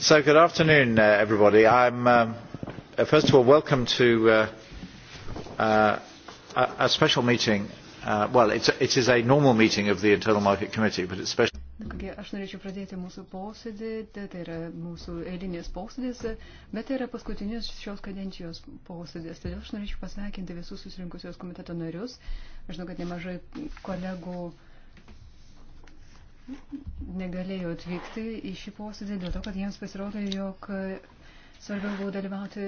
So, good afternoon, uh, everybody. I'm, um, uh, first of all, welcome to uh, uh, a, a special meeting. Uh, well, it's, it is a normal meeting of the Internal Market Committee, but it's special. Kągi, aš norėčiau pradėti mūsų posėdį, tai, tai yra mūsų eilinis posėdis, bet tai yra paskutinis šios kadencijos posėdis. Todėl aš norėčiau pasveikinti visus susirinkusios komiteto narius. Aš žinau, kad nemažai kolegų uh, negalėjo atvykti į šį posėdį dėl to, kad jiems pasirodė, jog svarbiau buvo dalyvauti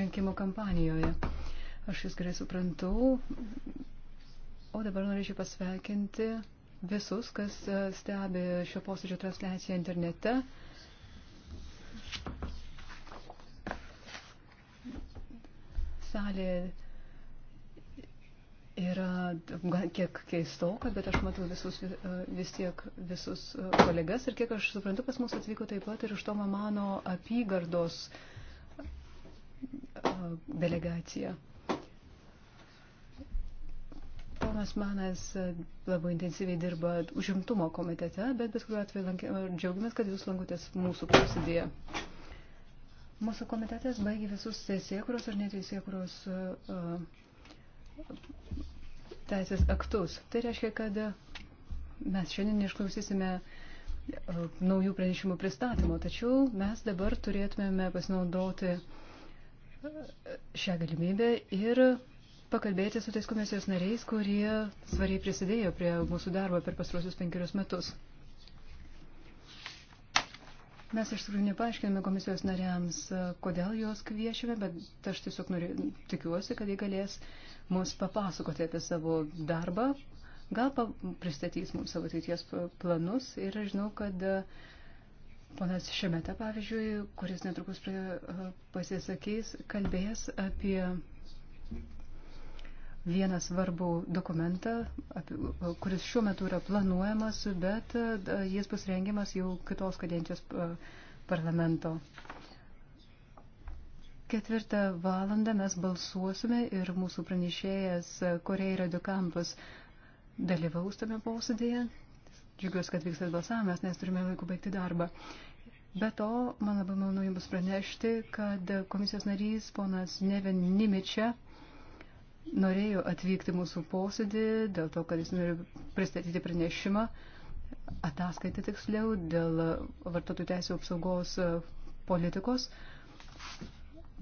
rinkimų kampanijoje. Aš jūs gerai suprantu. O dabar norėčiau pasveikinti visus, kas e, stebi šio posėdžio transliaciją internete. Salė yra kiek keistoka, bet aš matau visus, e, vis tiek visus e, kolegas ir kiek aš suprantu, pas mus atvyko taip pat ir iš to mano apygardos e, delegacija. Tomas Manas labai intensyviai dirba užimtumo komitete, bet bet kuriuo atveju lankė, džiaugiamės, kad jūs lankotės mūsų posėdėje. Mūsų komitetas baigė visus teisėkuros ar neteisėkuros uh, teisės aktus. Tai reiškia, kad mes šiandien išklausysime e, naujų pranešimų pristatymo, tačiau mes dabar turėtumėme pasinaudoti e, šią galimybę ir pakalbėti su tais komisijos nariais, kurie svariai prisidėjo prie mūsų darbo per pastrosius penkerius metus. Mes iš tikrųjų nepaaiškiname komisijos nariams, e, kodėl juos kviešime, bet aš tiesiog noriu, tikiuosi, kad jie galės mums papasakoti apie savo darbą, gal pristatys mums savo ateities planus ir aš žinau, kad e, ponas Šemeta, pavyzdžiui, kuris netrukus e, pasisakys, kalbės apie vieną svarbų dokumentą, kuris šiuo metu yra planuojamas, bet e, jis bus rengiamas jau kitos kadencijos e, parlamento. Ketvirtą valandą mes balsuosime ir mūsų pranešėjas e, Koreira Dukampus dalyvaus tame posėdėje. Džiugiuosi, kad vyksta balsavimas, nes turime laiko baigti darbą. Be to, man labai malonu Jums pranešti, kad komisijos narys ponas Neven Nimičia norėjo atvykti mūsų posėdį dėl to, kad jis nori pristatyti pranešimą, ataskaitą tiksliau, dėl vartotojų teisų apsaugos e, politikos,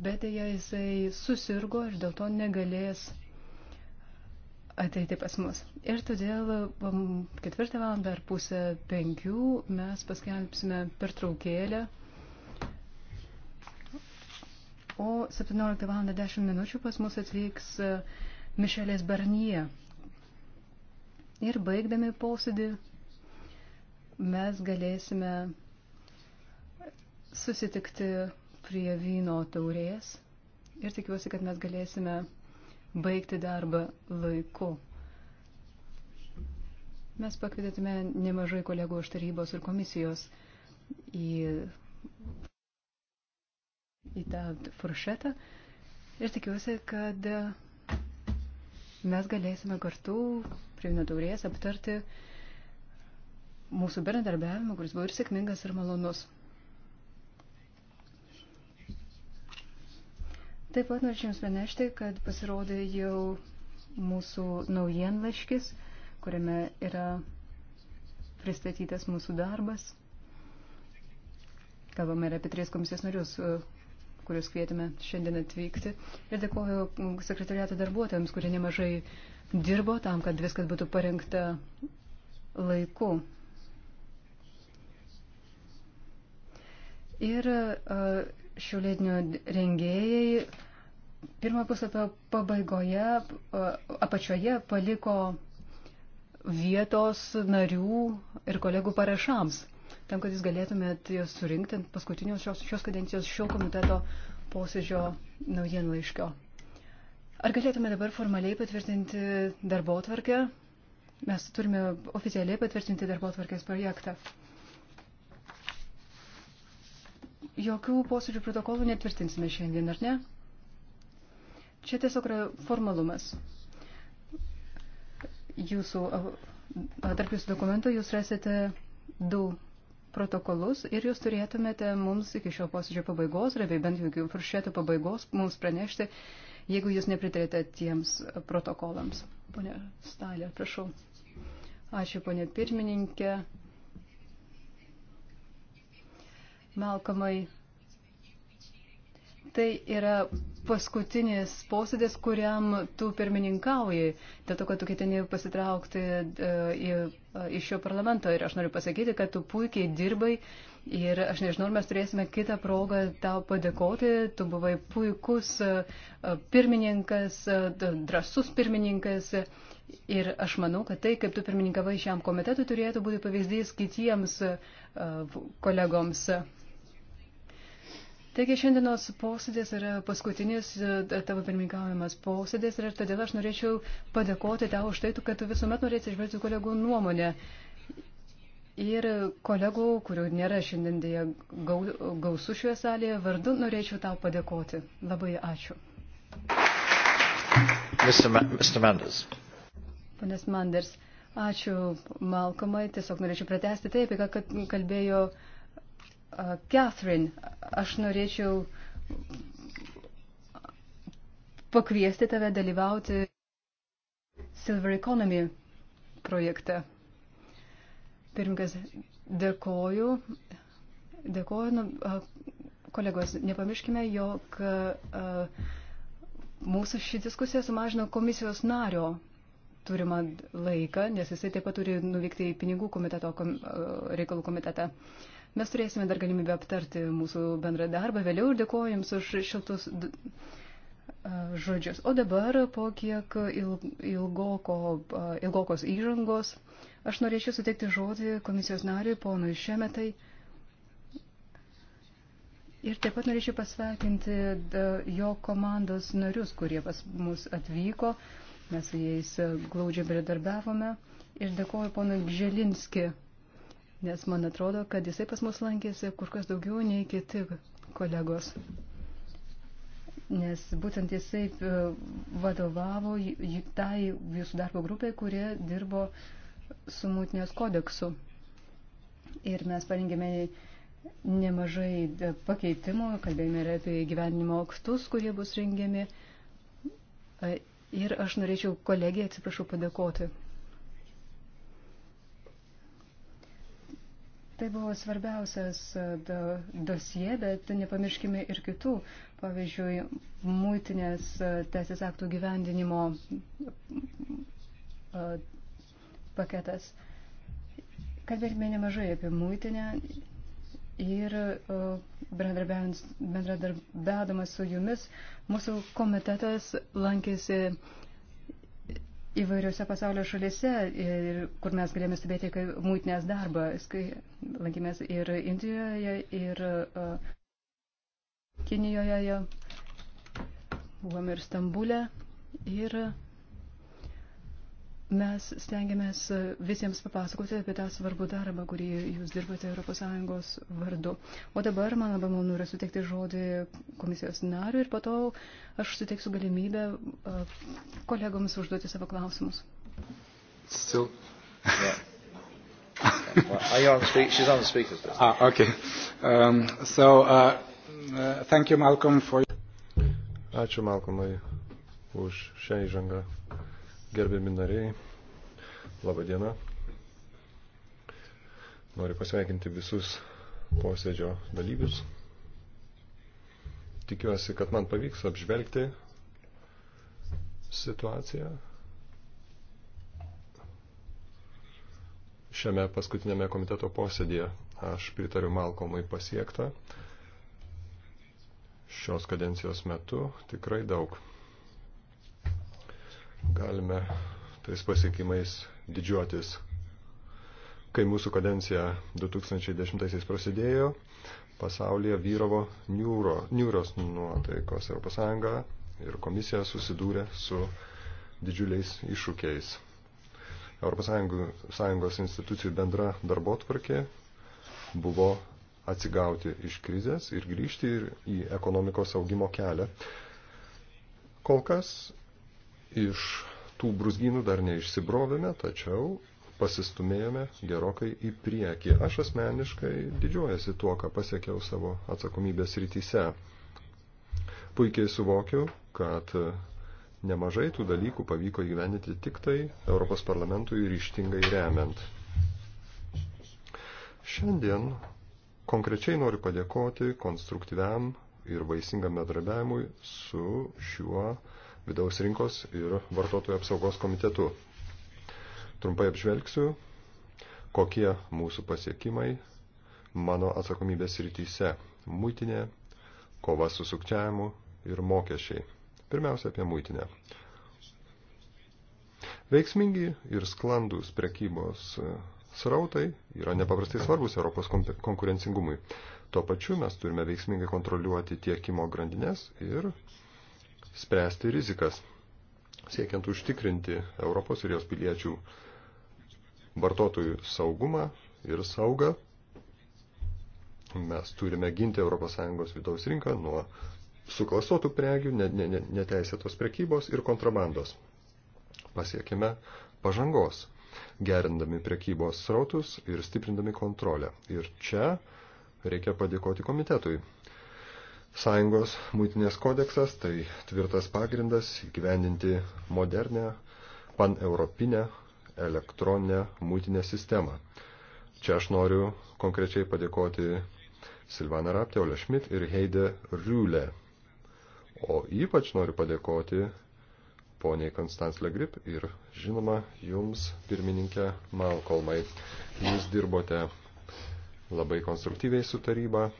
bet jei jisai susirgo ir dėl to negalės ateiti pas mus. Ir todėl ketvirtą valandą ar pusę penkių mes paskelbsime pertraukėlę o 17 val. 10 minučių pas mus atvyks e, Mišelės Barnie. Ir baigdami posėdį mes galėsime susitikti prie vyno taurės ir tikiuosi, kad mes galėsime baigti darbą laiku. Mes pakvietėme nemažai kolegų iš tarybos ir komisijos į į tą furšetą ir tikiuosi, kad mes galėsime kartu prie vienotaurės aptarti mūsų bendradarbiavimą, kuris buvo ir sėkmingas, ir malonus. Taip pat norėčiau Jums pranešti, kad pasirodė jau mūsų naujienlaiškis, kuriame yra pristatytas mūsų darbas. Kalbame ir apie tris komisijos narius, kuriuos kvietėme šiandien atvykti. Ir dėkoju sekretariato darbuotojams, kurie nemažai dirbo tam, kad viskas būtų parengta laiku. Ir šio leidinio rengėjai pirmo puslapio pabaigoje, apačioje paliko vietos narių ir kolegų parašams tam, kad jūs galėtumėt jas surinkti ant paskutinio šios, šios kadencijos šio komiteto posėdžio naujienlaiškio. Ar galėtume dabar formaliai patvirtinti darbo tvarkę? Mes turime oficialiai patvirtinti darbo tvarkės projektą. Jokių posėdžių protokolų netvirtinsime šiandien, ar ne? Čia tiesiog yra formalumas. Jūsų, tarp jūsų dokumento jūs rasite du protokolus ir jūs turėtumėte mums iki šio posėdžio pabaigos, arba bent jau iki furšėto pabaigos, mums pranešti, jeigu jūs nepritarėte tiems protokolams. Pone Stalė, prašau. Ačiū, ponė pirmininkė. Malkomai, Tai yra paskutinis posėdis, kuriam tu pirmininkauji, dėl to, kad tu ketini pasitraukti e, e, iš šio parlamento. Ir aš noriu pasakyti, kad tu puikiai dirbai ir aš nežinau, ar mes turėsime kitą progą tau padėkoti. Tu buvai puikus e, pirmininkas, drasus pirmininkas. Ir aš manau, kad tai, kaip tu pirmininkavai šiam komitetui, turėtų būti pavyzdys kitiems kolegoms. Taigi šiandienos posėdis yra paskutinis e, tavo pirmininkaujamas posėdis ir todėl aš norėčiau padėkoti tau už tai, kad tu visuomet norėsi išvelgti kolegų nuomonę. Ir kolegų, kurių nėra šiandien dėja gausų šioje salėje, vardu norėčiau tau padėkoti. Labai ačiū. Mr. Ma Mr. Manders. Panas Manders, ačiū Malkomai, tiesiog norėčiau pratesti taip, ką kalbėjo. Uh, Catherine, aš norėčiau pakviesti tave dalyvauti Silver Economy projekte. Pirmkas, dėkoju. Dėkoju, nu, kolegos, nepamirškime, jog mūsų ši diskusija sumažino komisijos nario turimą laiką, nes jisai taip pat turi nuvykti į pinigų komiteto reikalų komitetą. Uh, Mes turėsime dar galimybę aptarti mūsų bendrą darbą vėliau ir dėkoju Jums už šiltus žodžius. O dabar po kiek ilgoko, ilgokos įžangos aš norėčiau suteikti žodį komisijos nariui ponui Šemetai. Ir taip pat norėčiau pasveikinti jo komandos narius, kurie pas mus atvyko. Mes su jais glaudžiai bendradarbiavome. Ir dėkoju ponui Gželinski nes man atrodo, kad jisai pas mus lankėsi kur kas daugiau nei kiti kolegos. Nes būtent jisai e, vadovavo tai jūsų darbo grupiai, kurie dirbo su mūtinės kodeksu. Ir mes parengėme nemažai e, pakeitimų, kalbėjome ir apie gyvenimo aktus, kurie bus rengiami. E, ir aš norėčiau kolegiją, atsiprašau, padėkoti Tai buvo svarbiausias e, dosie, bet nepamirškime ir kitų, pavyzdžiui, mūtinės e, teisės aktų gyvendinimo e, paketas. Kalbėtume nemažai apie mūtinę ir bendradarbiavimas su jumis. Mūsų komitetas lankėsi įvairiose pasaulio šalise, ir, kur mes galėjome stebėti mūtinės darbą. Lankėmės ir Indijoje, ir uh, Kinijoje, buvom ir Stambulė. Ir uh, Mes stengiamės visiems papasakoti apie tą svarbų darbą, kurį jūs dirbate ES vardu. O dabar man labai malonu yra suteikti žodį komisijos nariui ir po to aš suteiksiu galimybę kolegoms užduoti savo klausimus. Still. Yeah. Are you on speak? She's on speakers. Ah, okay. Um, so, uh, uh, thank you, Malcolm, for. Ačiū, Malcolmai, už šią įžangą. Uh, Gerbiami nariai, laba diena. Noriu pasveikinti visus posėdžio dalyvius. Tikiuosi, kad man pavyks apžvelgti situaciją šiame paskutinėme komiteto posėdėje. Aš pritariu Malkomui pasiektą šios kadencijos metu tikrai daug. Galime tais pasiekimais didžiuotis. Kai mūsų kadencija 2010 prasidėjo, pasaulyje vyravo niūro, niūros nuotaikos Europos Sąjunga ir komisija susidūrė su didžiuliais iššūkiais. Europos Sąjungos institucijų bendra darbotvarkė buvo atsigauti iš krizės ir grįžti į ekonomikos augimo kelią. Kol kas iš tų brusginų dar neišsibrovėme, tačiau pasistumėjome gerokai į priekį. Aš asmeniškai didžiuojasi tuo, ką pasiekiau savo atsakomybės rytise. Puikiai suvokiu, kad nemažai tų dalykų pavyko įgyvendinti tik tai Europos parlamentui ryštingai remiant. Šiandien konkrečiai noriu padėkoti konstruktyviam ir vaisingam bedrabiavimui su šiuo uh, vidaus rinkos ir vartotojų apsaugos komitetu. Trumpai apžvelgsiu, kokie mūsų pasiekimai mano atsakomybės rytise - muitinė, kova su sukčiavimu ir mokesčiai. Pirmiausia apie muitinę. Veiksmingi ir sklandus prekybos srautai yra nepaprastai svarbus Europos konkurencingumui. Tuo pačiu mes turime veiksmingai kontroliuoti tiekimo grandinės ir spręsti rizikas, siekiant užtikrinti Europos ir jos piliečių vartotojų saugumą ir saugą. Mes turime ginti ES vidaus rinką nuo suklastotų prekių, neteisėtos prekybos ir kontrabandos. Pasiekime pažangos, gerindami prekybos srautus ir stiprindami kontrolę. Ir čia reikia padėkoti komitetui Sąjungos muitinės kodeksas tai tvirtas pagrindas įgyvendinti modernę, paneuropinę elektroninę muitinę sistemą. Čia aš noriu konkrečiai padėkoti Silvana Raptė, Ole Schmidt ir Heide Riulė. O ypač noriu padėkoti poniai Konstans Legrip ir, žinoma, jums, pirmininkė Malkolmai. Jūs dirbote labai konstruktyviai su taryba,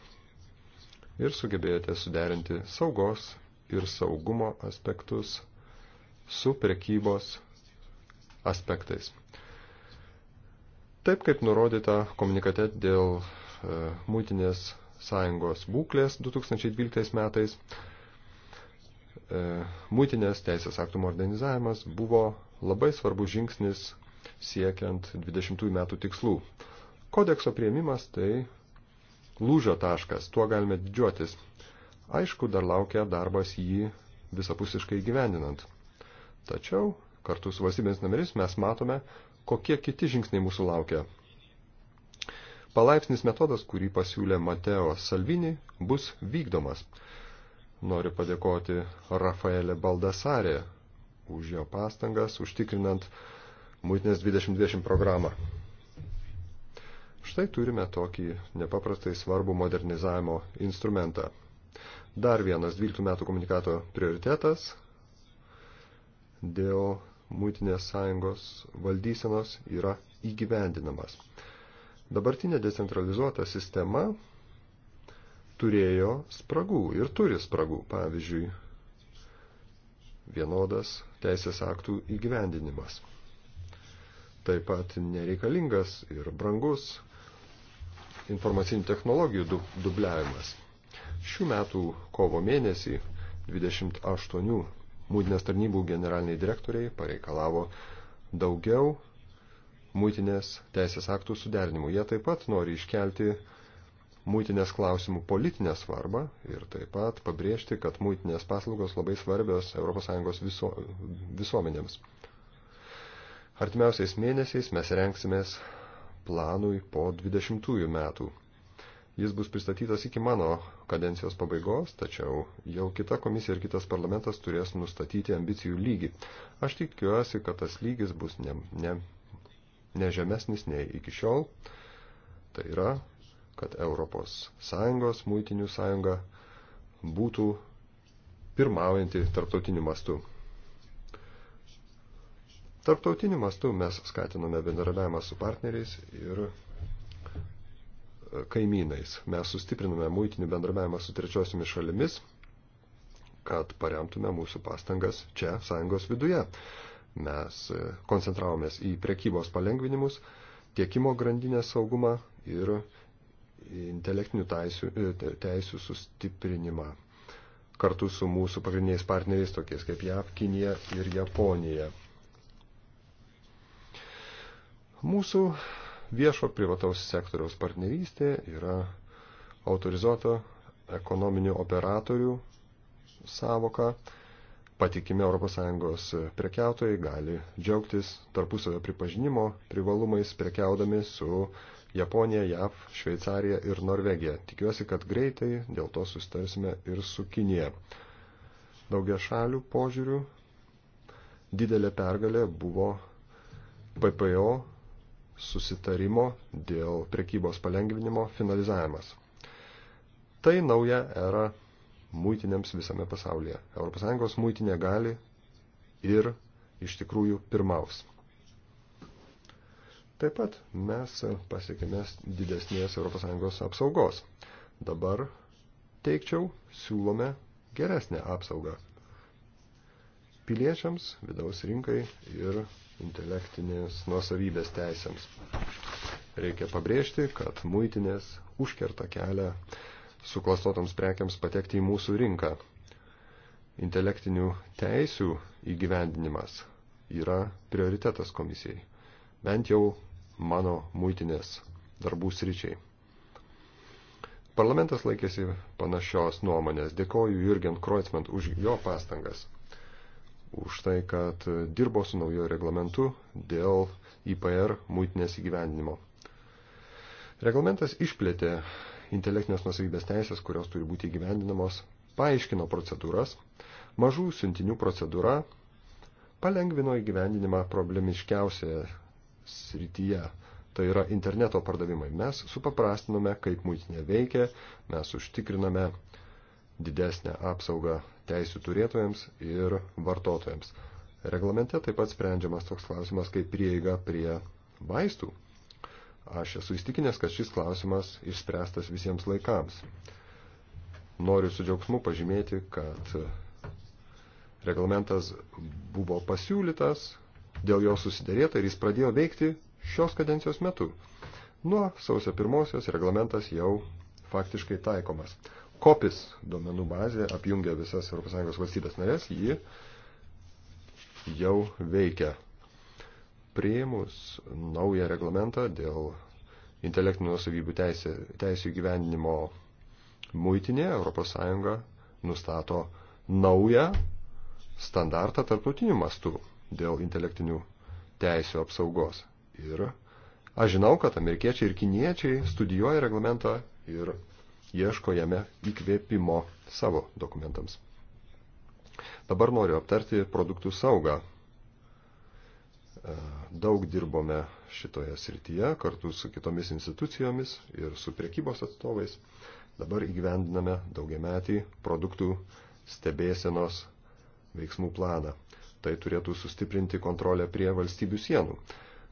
ir sugebėjote suderinti saugos ir saugumo aspektus su prekybos aspektais. Taip kaip nurodyta komunikate dėl e, mūtinės sąjungos būklės 2012 metais, e, mūtinės teisės aktų modernizavimas buvo labai svarbus žingsnis siekiant 20 metų tikslų. Kodekso prieimimas tai lūžio taškas, tuo galime didžiuotis. Aišku, dar laukia darbas jį visapusiškai gyvendinant. Tačiau kartu su valstybės numeris mes matome, kokie kiti žingsniai mūsų laukia. Palaipsnis metodas, kurį pasiūlė Mateo Salvini, bus vykdomas. Noriu padėkoti Rafaelė Baldasarė už jo pastangas, užtikrinant Muitinės 2020 programą. Štai turime tokį nepaprastai svarbų modernizavimo instrumentą. Dar vienas 12 metų komunikato prioritetas dėl muitinės sąjungos valdysenos yra įgyvendinamas. Dabartinė decentralizuota sistema turėjo spragų ir turi spragų, pavyzdžiui, vienodas teisės aktų įgyvendinimas. Taip pat nereikalingas ir brangus informacinių technologijų dubliavimas. Šių metų kovo mėnesį 28 mūtinės tarnybų generaliniai direktoriai pareikalavo daugiau mūtinės teisės aktų suderinimų. Jie taip pat nori iškelti mūtinės klausimų politinę svarbą ir taip pat pabrėžti, kad mūtinės paslaugos labai svarbios ES viso, visuomenėms. Artimiausiais mėnesiais mes renksimės planui po 20 metų. Jis bus pristatytas iki mano kadencijos pabaigos, tačiau jau kita komisija ir kitas parlamentas turės nustatyti ambicijų lygį. Aš tikiuosi, kad tas lygis bus ne, ne, ne žemesnis nei iki šiol. Tai yra, kad Europos Sąjungos muitinių sąjunga būtų pirmaujanti tarptautiniu mastu. Tarptautiniu mastu mes skatiname bendradarbiavimą su partneriais ir e, kaimynais. Mes sustipriname muitinį bendradarbiavimą su trečiosiomis šalimis, kad paremtume mūsų pastangas čia, sąjungos viduje. Mes e, koncentravomės į prekybos palengvinimus, tiekimo grandinės saugumą ir intelektinių teisių, e, teisių sustiprinimą kartu su mūsų pagrindiniais partneriais, tokiais kaip JAV, Kinija ir Japonija. Mūsų viešo privataus sektoriaus partnerystė yra autorizuota ekonominių operatorių savoka. Patikimi ES prekiautojai gali džiaugtis tarpusavio pripažinimo privalumais prekiaudami su Japonija, JAV, Šveicarija ir Norvegija. Tikiuosi, kad greitai dėl to sustarsime ir su Kinija. Daugia šalių požiūrių didelė pergalė buvo PPO susitarimo dėl prekybos palengvinimo finalizavimas. Tai nauja era muitinėms visame pasaulyje. ES muitinė gali ir iš tikrųjų pirmaus. Taip pat mes pasiekėme didesnės ES apsaugos. Dabar teikčiau siūlome geresnę apsaugą piliečiams, vidaus rinkai ir intelektinės nuosavybės teisėms. Reikia pabrėžti, kad muitinės užkerta kelią suklastotoms prekiams patekti į mūsų rinką. Intelektinių teisių įgyvendinimas yra prioritetas komisijai, bent jau mano muitinės darbų sričiai. Parlamentas laikėsi panašios nuomonės. Dėkoju Jurgen Kreutzmann už jo pastangas už tai, kad dirbo su naujo reglamentu dėl IPR muitinės įgyvendinimo. Reglamentas išplėtė intelektinės nusavybės teisės, kurios turi būti įgyvendinamos, paaiškino procedūras, mažų siuntinių procedūra palengvino įgyvendinimą problemiškiausioje srityje, tai yra interneto pardavimai. Mes supaprastinome, kaip muitinė veikia, mes užtikriname didesnę apsaugą teisų turėtojams ir vartotojams. Reglamente taip pat sprendžiamas toks klausimas kaip prieiga prie vaistų. Aš esu įstikinęs, kad šis klausimas išspręstas visiems laikams. Noriu su džiaugsmu pažymėti, kad reglamentas buvo pasiūlytas, dėl jo susidėrėta ir jis pradėjo veikti šios kadencijos metu. Nuo sausio pirmosios reglamentas jau faktiškai taikomas kopis duomenų bazė apjungia visas ES valstybės narės, ji jau veikia. Priimus naują reglamentą dėl intelektinių nusavybių teisė, teisų gyvenimo muitinė ES nustato naują standartą tarptautiniu mastu dėl intelektinių teisų apsaugos. Ir aš žinau, kad amerikiečiai ir kiniečiai studijuoja reglamentą ir ieško jame įkvėpimo savo dokumentams. Dabar noriu aptarti produktų saugą. Daug dirbome šitoje srityje kartu su kitomis institucijomis ir su priekybos atstovais. Dabar įgyvendiname daugiametį produktų stebėsenos veiksmų planą. Tai turėtų sustiprinti kontrolę prie valstybių sienų.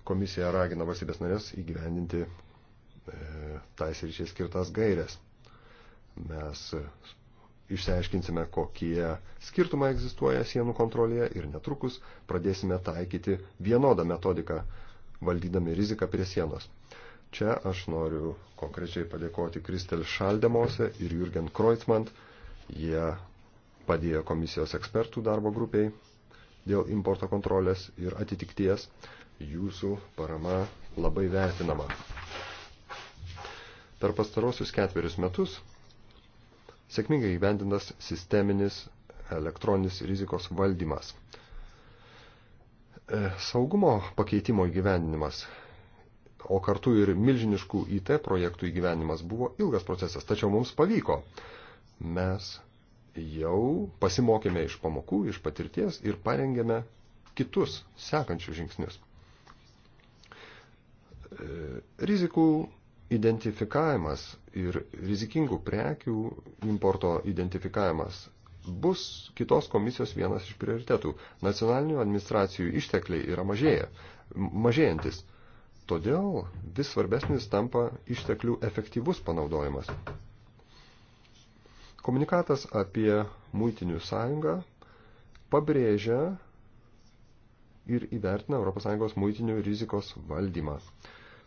Komisija ragina valstybės narės įgyvendinti e, tais ryčiai skirtas gairias. Mes išsiaiškinsime, kokie skirtumai egzistuoja sienų kontrolėje ir netrukus pradėsime taikyti vienodą metodiką, valdydami riziką prie sienos. Čia aš noriu konkrečiai padėkoti Kristel Šaldemose ir Jürgen Kreuzmann. Jie padėjo komisijos ekspertų darbo grupiai dėl importo kontrolės ir atitikties. Jūsų parama labai vertinama. Per pastarosius ketverius metus sėkmingai įvendintas sisteminis elektroninis rizikos valdymas. E, saugumo pakeitimo įgyvendinimas, o kartu ir milžiniškų IT projektų įgyvendinimas buvo ilgas procesas, tačiau mums pavyko. Mes jau pasimokėme iš pamokų, iš patirties ir parengėme kitus sekančius žingsnius. E, rizikų identifikavimas ir rizikingų prekių importo identifikavimas bus kitos komisijos vienas iš prioritetų. Nacionalinių administracijų ištekliai yra mažėja, mažėjantis. Todėl vis svarbesnis tampa išteklių efektyvus panaudojimas. Komunikatas apie muitinių sąjungą pabrėžia ir įvertina ES muitinių rizikos valdymą.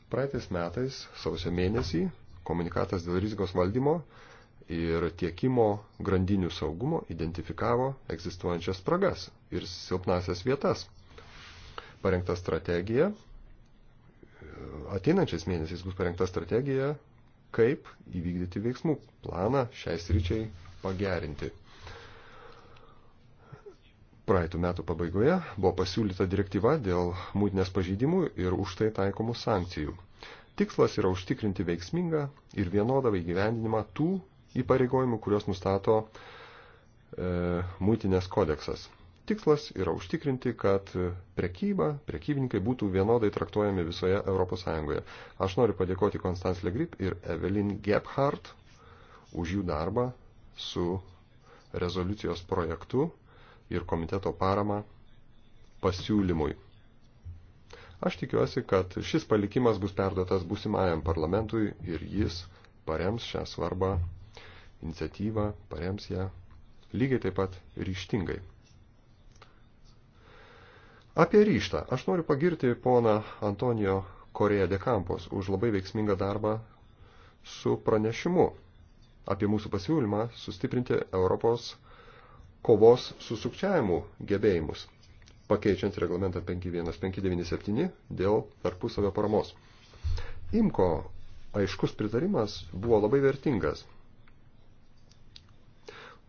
Praeitais metais, sausio mėnesį, komunikatas dėl rizikos valdymo ir tiekimo grandinių saugumo identifikavo egzistuojančias spragas ir silpnasias vietas. Parengta strategija, ateinančiais mėnesiais bus parengta strategija, kaip įvykdyti veiksmų planą šiai sričiai pagerinti. Praeitų metų pabaigoje buvo pasiūlyta direktyva dėl mūtinės pažydimų ir už tai taikomų sankcijų. Tikslas yra užtikrinti veiksmingą ir vienodą įgyvendinimą tų įpareigojimų, kuriuos nustato e, muitinės kodeksas. Tikslas yra užtikrinti, kad prekyba, prekybininkai būtų vienodai traktuojami visoje ES. Aš noriu padėkoti Konstans Legrip ir Evelyn Gebhardt už jų darbą su rezoliucijos projektu ir komiteto parama pasiūlymui. Aš tikiuosi, kad šis palikimas bus perduotas būsimajam parlamentui ir jis parems šią svarbą iniciatyvą, parems ją lygiai taip pat ryštingai. Apie ryštą aš noriu pagirti poną Antonijo Koreja de Campos už labai veiksmingą darbą su pranešimu apie mūsų pasiūlymą sustiprinti Europos kovos su sukčiavimu gebėjimus pakeičiant reglamentą 51597 dėl tarpusavio paramos. Imko aiškus pritarimas buvo labai vertingas.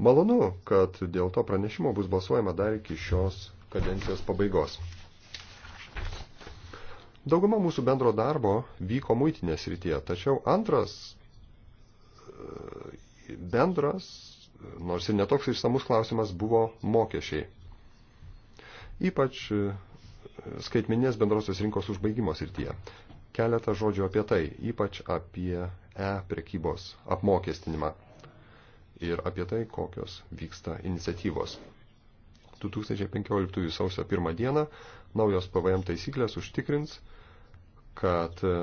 Malonu, kad dėl to pranešimo bus balsuojama dar iki šios kadencijos pabaigos. Dauguma mūsų bendro darbo vyko muitinės rytyje, tačiau antras e, bendras, nors ir netoks išsamus klausimas, buvo mokesčiai ypač e, skaitmeninės bendrosios rinkos užbaigimo srityje. Keletą žodžių apie tai, ypač apie e-prekybos apmokestinimą ir apie tai, kokios vyksta iniciatyvos. 2015 sausio 1 dieną naujos PVM taisyklės užtikrins, kad e,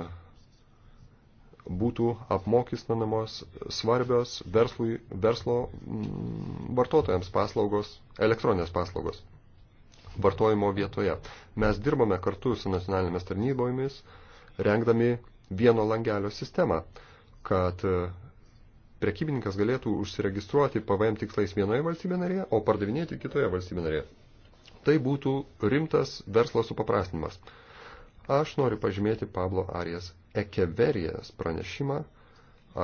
būtų apmokestinamos svarbios verslui, verslo vartotojams paslaugos, elektroninės paslaugos vartojimo vietoje. Mes dirbame kartu su nacionalinėmis tarnybomis, rengdami vieno langelio sistemą, kad e, prekybininkas galėtų užsiregistruoti PVM tikslais vienoje valstybė narėje, o pardavinėti kitoje valstybė narėje. Tai būtų rimtas verslo supaprastinimas. Aš noriu pažymėti Pablo Arijas Ekeverijas pranešimą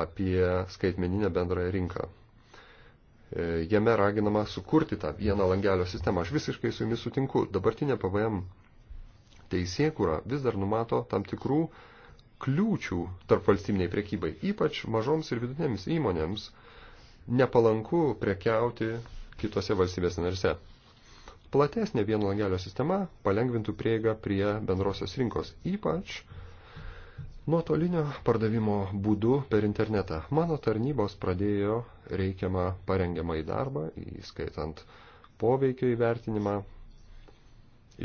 apie skaitmeninę bendrąją rinką. E, jame raginama sukurti tą vieną langelio sistemą. Aš visiškai su jumis sutinku. Dabartinė PVM teisėkūra vis dar numato tam tikrų kliūčių tarp valstybiniai prekybai, ypač mažoms ir vidutinėms įmonėms nepalanku prekiauti kitose valstybės narise. Platesnė vieno langelio sistema palengvintų prieigą prie bendrosios rinkos, ypač uh, Nuotolinio pardavimo būdu per internetą mano tarnybos pradėjo reikiamą parengiamą į darbą, įskaitant poveikio įvertinimą.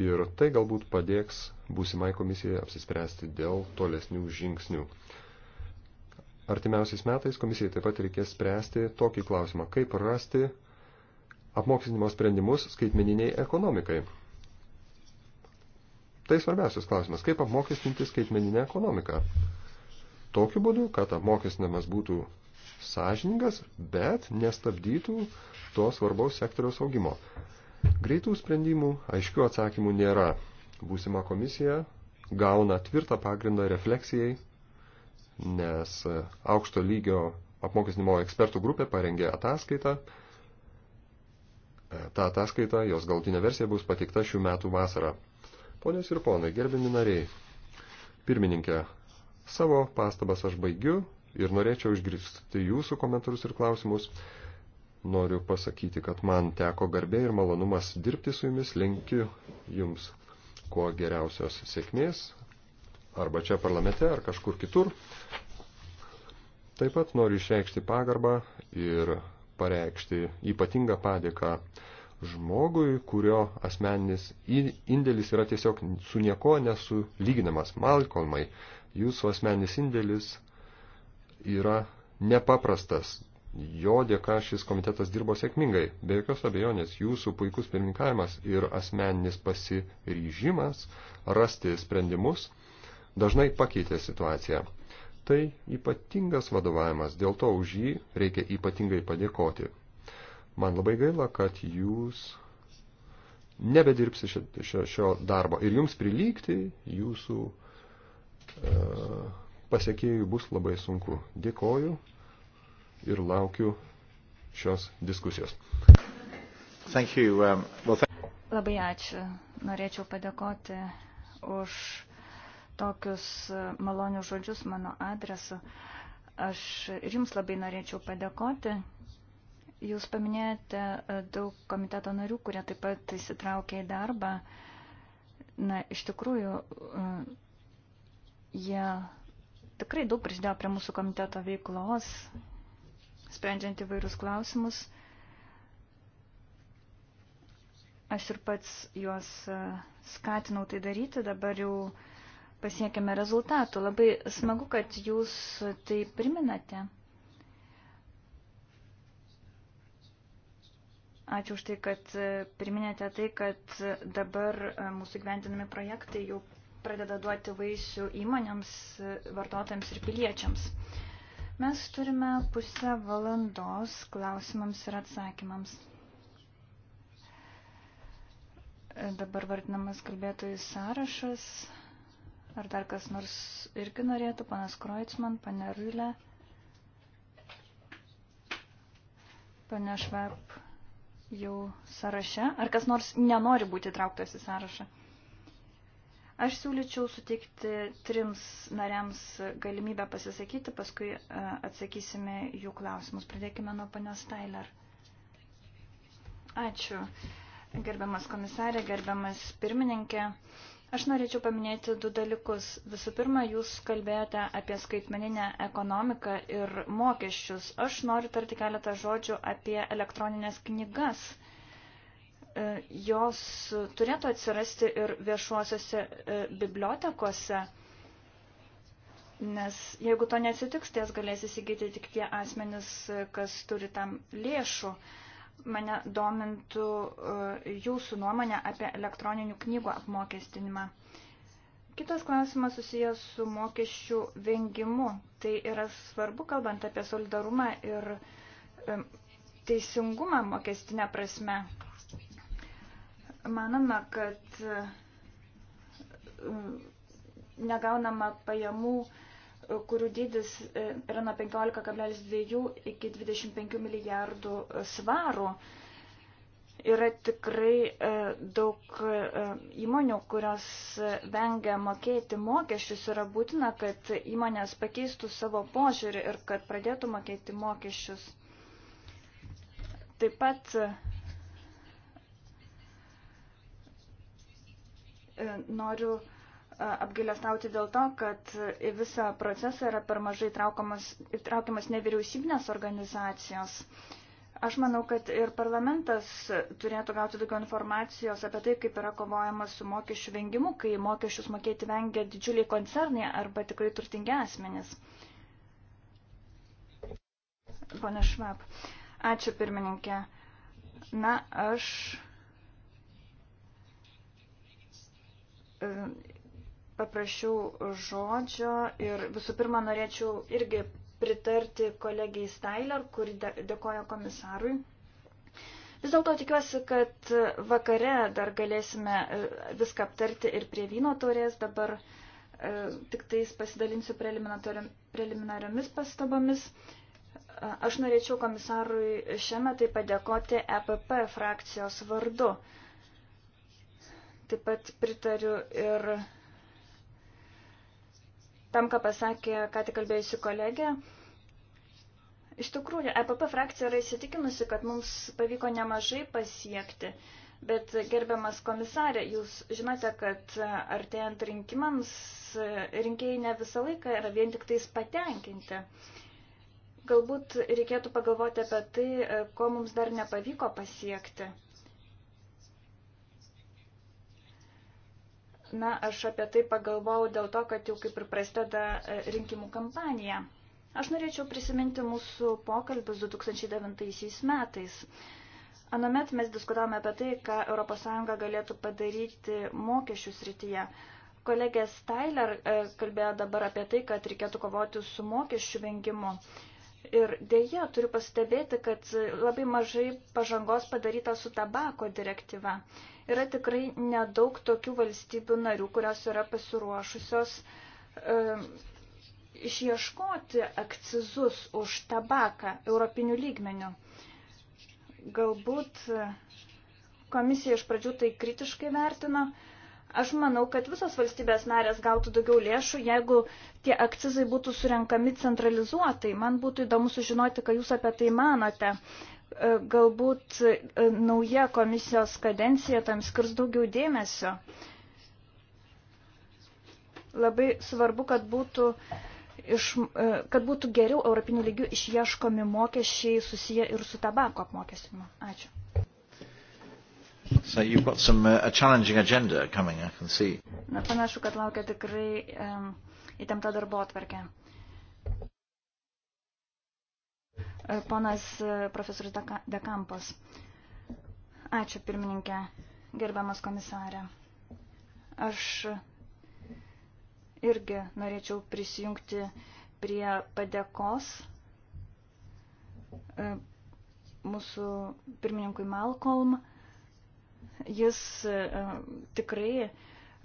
Ir tai galbūt padėks būsimai komisijai apsispręsti dėl tolesnių žingsnių. Artimiausiais metais komisijai taip pat reikės spręsti tokį klausimą, kaip rasti apmokestinimo sprendimus skaitmeniniai ekonomikai. Tai svarbiausias klausimas, kaip apmokestinti skaitmeninę ekonomiką. Tokiu būdu, kad apmokestinamas būtų sąžiningas, bet nestabdytų to svarbaus sektoriaus augimo. Greitų sprendimų, aiškių atsakymų nėra. Būsima komisija gauna tvirtą pagrindą refleksijai, nes aukšto lygio apmokestinimo ekspertų grupė parengė ataskaitą. Ta ataskaita, jos galtinė versija bus pateikta šių metų vasarą. Ponios ir ponai, gerbimi nariai, pirmininkė, savo pastabas aš baigiu ir norėčiau išgirsti jūsų komentarus ir klausimus. Noriu pasakyti, kad man teko garbė ir malonumas dirbti su jumis, linkiu jums kuo geriausios sėkmės, arba čia parlamente, ar kažkur kitur. Taip pat noriu išreikšti pagarbą ir pareikšti ypatingą padėką žmogui, kurio asmeninis indėlis yra tiesiog su nieko nesulyginamas. Malkolmai, jūsų asmeninis indėlis yra nepaprastas. Jo dėka šis komitetas dirbo sėkmingai. Be jokios abejonės, jūsų puikus pirmininkavimas ir asmeninis pasiryžimas rasti sprendimus dažnai pakeitė situaciją. Tai ypatingas vadovavimas, dėl to už jį reikia ypatingai padėkoti. Man labai gaila, kad jūs nebedirbsi šio, šio, šio darbo ir jums prilygti jūsų e, pasiekėjų bus labai sunku. Dėkoju ir laukiu šios diskusijos. Thank you, um, well, thank... Labai ačiū. Norėčiau padėkoti už tokius e, malonius žodžius mano adresu. Aš ir jums labai norėčiau padėkoti, Jūs paminėjote e, daug komiteto narių, kurie taip pat įsitraukė į darbą. Na, iš tikrųjų, e, jie tikrai daug prisidėjo prie mūsų komiteto veiklos, sprendžiant įvairius klausimus. Aš ir pats juos e, skatinau tai daryti, dabar jau pasiekėme rezultatų. Labai smagu, kad jūs tai priminate. Ačiū už tai, kad e, priminėte tai, kad dabar e, mūsų gyventinami projektai jau pradeda duoti vaisių įmonėms, e, vartotojams ir piliečiams. Mes turime pusę valandos klausimams ir atsakymams. Dabar vartinamas kalbėtojų sąrašas. Ar dar kas nors irgi norėtų, panas Kreutzmann, pane Rylė, pane Švep jau sąraše? Ar kas nors nenori būti trauktas į sąrašą? Aš siūlyčiau suteikti trims nariams galimybę pasisakyti, paskui e, atsakysime jų klausimus. Pradėkime nuo panios Tyler. Ačiū. Gerbiamas komisarė, gerbiamas pirmininkė. Aš norėčiau paminėti du dalykus. Visų pirma, jūs kalbėjote apie skaitmeninę ekonomiką ir mokesčius. Aš noriu tarti keletą žodžių apie elektroninės knygas. E, jos turėtų atsirasti ir viešuosiuose e, bibliotekose, nes jeigu to neatsitiks, tai jas galės įsigyti tik tie asmenys, e, kas turi tam lėšų. Uh, mane domintų e, jūsų nuomonė apie elektroninių knygų apmokestinimą. Kitas klausimas susijęs su mokesčių vengimu. Tai yra svarbu, kalbant apie solidarumą ir e, teisingumą mokestinę prasme. Manome, kad e, negaunama pajamų uh, kurių dydis e, yra nuo 15,2 iki 25 milijardų svarų. Yra tikrai e, daug e, įmonių, kurios vengia mokėti mokesčius. Yra būtina, kad įmonės pakeistų savo požiūrį ir kad pradėtų mokėti mokesčius. Taip pat noriu uh, apgailestauti dėl to, kad į visą procesą yra per mažai įtraukiamas nevyriausybinės organizacijos. Aš manau, kad ir parlamentas turėtų gauti daugiau informacijos apie tai, kaip yra kovojama su mokesčių vengimu, kai mokesčius mokėti vengia didžiuliai koncernai arba tikrai turtingi asmenys. Pone Švab, ačiū pirmininkė. Na, aš e, paprašiau žodžio ir visų pirma norėčiau irgi pritarti kolegijai Steiler, kuri dėkoja komisarui. Vis dėlto tikiuosi, kad vakare dar galėsime e, viską aptarti ir prie vyno taurės. Dabar e, tik tais pasidalinsiu preliminariomis pastabomis. E, aš norėčiau komisarui šiame tai padėkoti EPP frakcijos vardu. Taip pat pritariu ir tam, ką pasakė ką tik kalbėjusi kolegė. Iš tikrųjų, EPP frakcija yra įsitikinusi, kad mums pavyko nemažai pasiekti, bet gerbiamas komisarė, jūs žinote, kad artėjant rinkimams rinkėjai ne visą laiką yra vien tik tais patenkinti. Galbūt reikėtų pagalvoti apie tai, ko mums dar nepavyko pasiekti. Na, aš apie tai pagalvojau dėl to, kad jau kaip ir prasideda e, rinkimų kampanija. Aš norėčiau prisiminti mūsų pokalbius 2009 metais. Anomet mes diskutavome apie tai, ką ES galėtų padaryti mokesčių srityje. Kolegė Steiler e, kalbėjo dabar apie tai, kad reikėtų kovoti su mokesčių vengimu. Ir dėja, turiu pastebėti, kad labai mažai pažangos padaryta su tabako direktyva. Yra tikrai nedaug tokių valstybių narių, kurios yra pasiruošusios e, išieškoti akcizus už tabaką europinių lygmenių. Galbūt e, komisija iš pradžių tai kritiškai vertino. Aš manau, kad visos valstybės narės gautų daugiau lėšų, jeigu tie akcizai būtų surenkami centralizuotai. Man būtų įdomu sužinoti, ką jūs apie tai manote. Uh, E, galbūt e, nauja komisijos kadencija tam skirs daugiau dėmesio. Labai svarbu, kad būtų, iš, e, kad būtų geriau europinių lygių išieškomi mokesčiai susiję ir su tabako apmokestinimu. Ačiū. So you've got some uh, a challenging agenda coming, I can see. Na, panašu, kad laukia tikrai um, įtempta darbo atverkė. E, ponas e, profesorius Dekampas. Ačiū pirmininkė, gerbiamas komisarė. Aš irgi norėčiau prisijungti prie padėkos e, mūsų pirmininkui Malcolm. Jis tikrai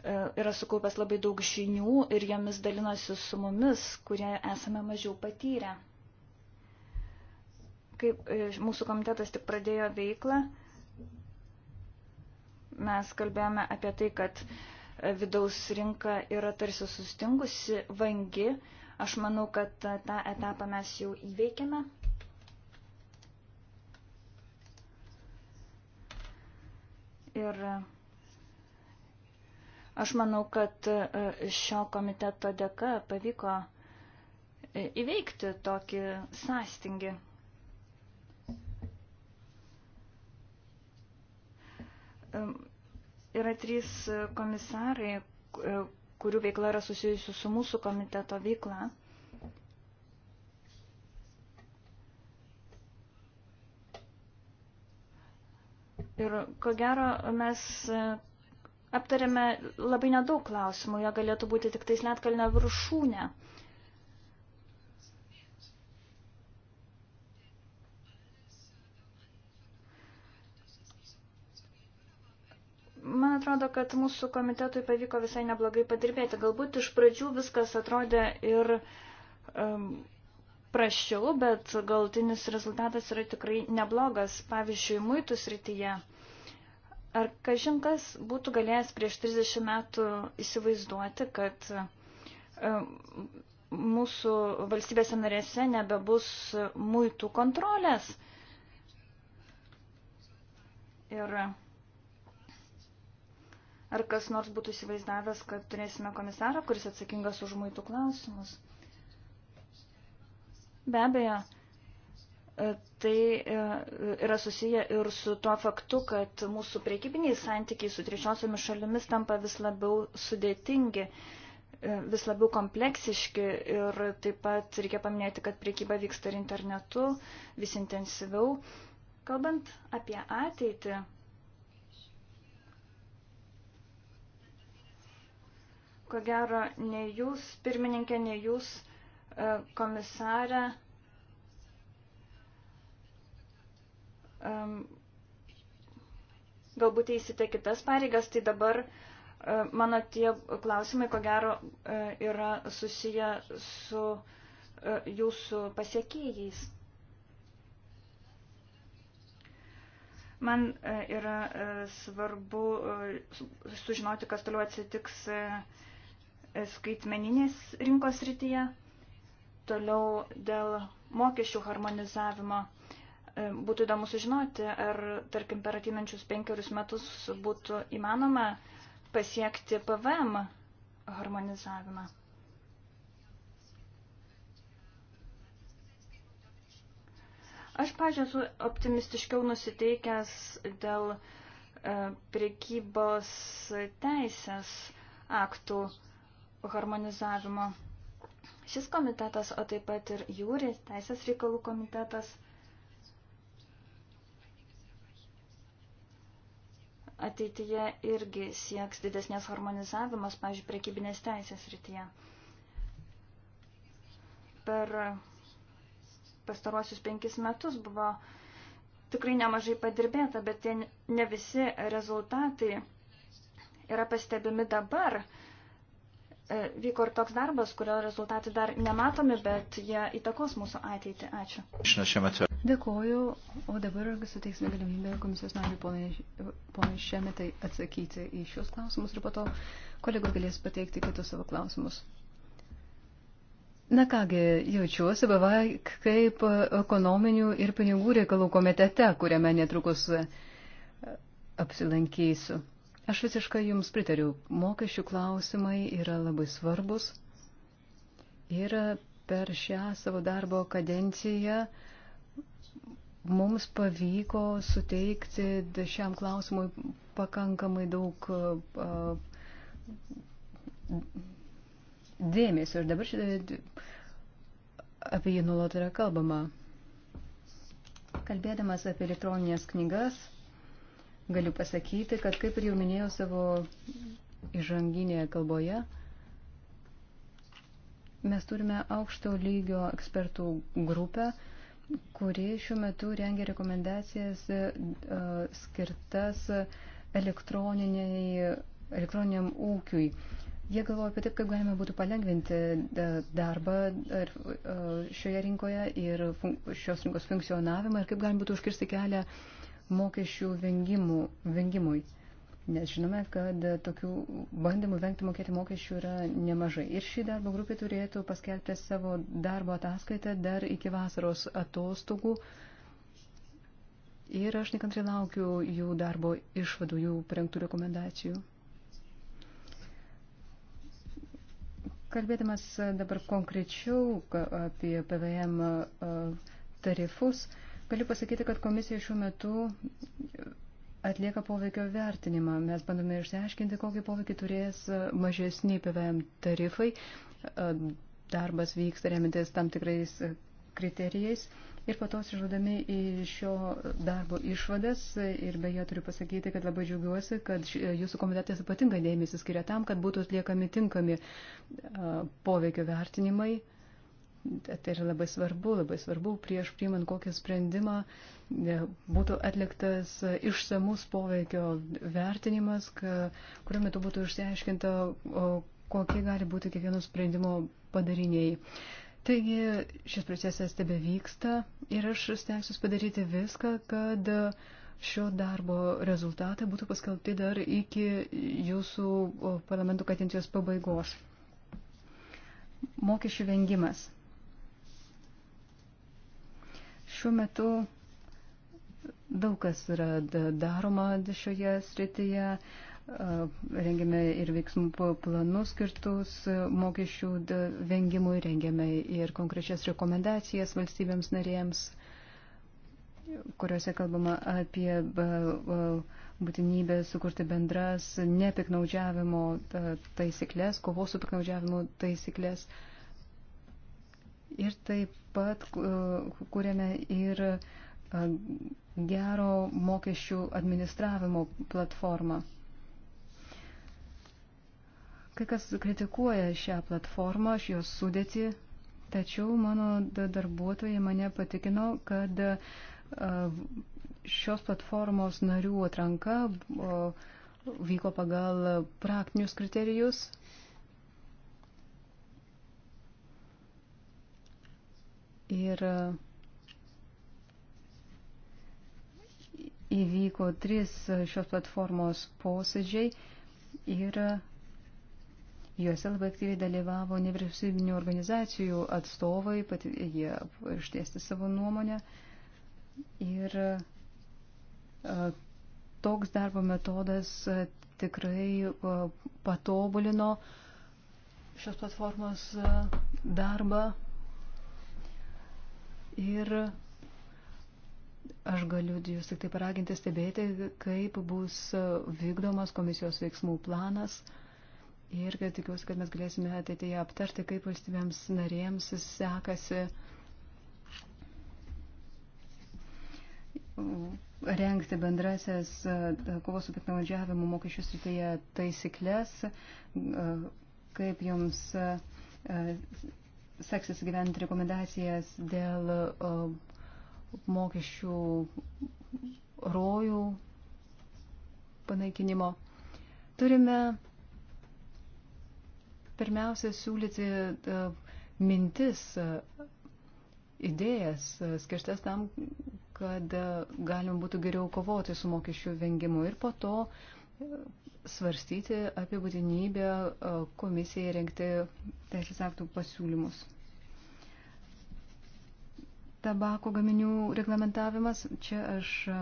yra sukaupęs labai daug žinių ir jomis dalinosi su mumis, kurie esame mažiau patyrę. Kaip e, mūsų komitetas tik pradėjo veiklą, mes kalbėjome apie tai, kad e, vidaus rinka yra tarsi sustingusi, vangi. Aš manau, kad e, tą etapą mes jau įveikėme. Ir aš manau, kad šio komiteto dėka pavyko įveikti tokį sąstingį. Yra trys e, komisarai, e, kurių veikla yra susijusi su mūsų komiteto veikla. Ir ko gero mes e, aptarėme labai nedaug klausimų, jie galėtų būti tik tais net kalnio viršūnė. Man atrodo, kad mūsų komitetui pavyko visai neblogai padirbėti. Galbūt iš pradžių viskas atrodė ir um, prašiau, bet galtinis rezultatas yra tikrai neblogas. Pavyzdžiui, muitų srityje. Ar kažinkas būtų galėjęs prieš 30 metų įsivaizduoti, kad um, mūsų valstybėse narėse nebebus muitų kontrolės? Ir Ar kas nors būtų įsivaizdavęs, kad turėsime komisarą, kuris atsakingas už muitų klausimus? Be abejo, e, tai e, yra susiję ir su tuo faktu, kad mūsų priekybiniai santykiai su trečiosiomis šalimis tampa vis labiau sudėtingi e, vis labiau kompleksiški ir taip pat reikia paminėti, kad priekyba vyksta ir internetu vis intensyviau. Kalbant apie ateitį, Ko gero, ne jūs, pirmininkė, ne jūs, e, komisarė, galbūt eisite kitas pareigas, tai dabar e, mano tie klausimai, ko gero, e, yra susiję su jūsų pasiekėjais. Man yra svarbu sužinoti, kas toliau atsitiks E, skaitmeninės rinkos rytyje, toliau dėl mokesčių harmonizavimo. E, būtų įdomu sužinoti, ar, tarkim, per ateinančius penkerius metus būtų įmanoma pasiekti PVM harmonizavimą. Aš, pažiūrėjau, esu optimistiškiau nusiteikęs dėl e, prekybos teisės aktų harmonizavimo. Šis komitetas, o taip pat ir jūri, teisės reikalų komitetas, ateityje irgi sieks didesnės harmonizavimas, pavyzdžiui, prekybinės teisės rytyje. Per pastaruosius penkis metus buvo tikrai nemažai padirbėta, bet tie ne visi rezultatai yra pastebimi dabar. E, vyko ir toks darbas, kurio rezultatai dar nematomi, bet jie įtakos mūsų ateitį. Ačiū. Dėkoju, o dabar suteiksime galimybę komisijos nariui ponai Šemetai atsakyti į šios klausimus ir po to kolegos galės pateikti kitus savo klausimus. Na kągi, jaučiuosi beveik kaip ekonominių ir pinigų reikalų komitete, kuriame netrukus apsilankysiu. Aš visiškai Jums pritariu. Mokesčių klausimai yra labai svarbus. Ir per šią savo darbo kadenciją mums pavyko suteikti šiam klausimui pakankamai daug dėmesio. Ir dabar šitą apie jį nuolat yra kalbama. Kalbėdamas apie elektroninės knygas, galiu pasakyti, kad kaip ir jau minėjau savo įžanginėje kalboje, mes turime aukšto lygio ekspertų grupę, kuri šiuo metu rengia rekomendacijas e, skirtas elektroniniam ūkiui. Jie galvoja apie taip, kaip galima būtų palengvinti e, darbą e, šioje rinkoje ir šios rinkos funkcionavimą ir kaip galima būtų užkirsti kelią uh, mokesčių vengimų, vengimui. Nes žinome, kad tokių bandymų vengti mokėti mokesčių yra nemažai. Ir ši darbo grupė turėtų paskelbti savo darbo ataskaitą dar iki vasaros atostogų. Ir aš nekantrai laukiu jų darbo išvadų, jų parengtų rekomendacijų. Kalbėdamas dabar konkrečiau apie PVM tarifus, uh, Galiu pasakyti, kad komisija šiuo metu atlieka poveikio vertinimą. Mes bandome išsiaiškinti, kokį poveikį turės mažesni PVM tarifai. Darbas vyksta remintis tam tikrais kriterijais. Ir po to atsižvelgdami į šio darbo išvadas, ir beje turiu pasakyti, kad labai džiaugiuosi, kad jūsų komitetas ypatinga dėmesį skiria tam, kad būtų atliekami tinkami poveikio vertinimai Tai, tai yra labai svarbu, labai svarbu prieš priimant kokią sprendimą e, būtų atliktas išsamus poveikio vertinimas, kuriuo metu būtų išsiaiškinta, kokie gali būti kiekvieno sprendimo padariniai. Taigi šis procesas tebe vyksta ir aš stengsiuosi padaryti viską, kad šio darbo rezultatai būtų paskelbti dar iki jūsų parlamentų kadencijos pabaigos. Mokesčių vengimas. Šiuo metu daug kas yra daroma šioje srityje. Rengiame ir veiksmų planus skirtus mokesčių vengimui, rengiame ir konkrečias rekomendacijas valstybėms narėms, kuriuose kalbama apie būtinybę sukurti bendras nepiknaudžiavimo taisyklės, kovos su piknaudžiavimu taisyklės. Uh, Ir taip pat kūrėme ir gero mokesčių administravimo platformą. Kai kas kritikuoja šią platformą, aš jos sudėti, tačiau mano darbuotojai mane patikino, kad šios platformos narių atranka vyko pagal praktinius kriterijus Ir e, įvyko tris šios platformos posėdžiai ir e, juose labai aktyviai dalyvavo nevyriausybinių organizacijų atstovai, pat jie ištiesti savo nuomonę. Ir e, toks darbo metodas tikrai patobulino šios platformos darbą Ir aš galiu jūs tik tai paraginti stebėti, kaip bus vykdomas komisijos veiksmų planas. Ir kad tikiuosi, kad mes galėsime ateityje aptarti, kaip valstybėms narėms sekasi rengti bendrasias e, kovos su piknaudžiavimu mokesčių srityje taisyklės, e, kaip jums e, seksis gyventi rekomendacijas dėl mokesčių rojų panaikinimo. Turime pirmiausia siūlyti mintis, idėjas skirtas tam, kad galima būtų geriau kovoti su mokesčių vengimu ir po to uh, svarstyti apie būtinybę e, komisijai renkti teisės aktų pasiūlymus. Tabako gaminių reglamentavimas, čia aš e,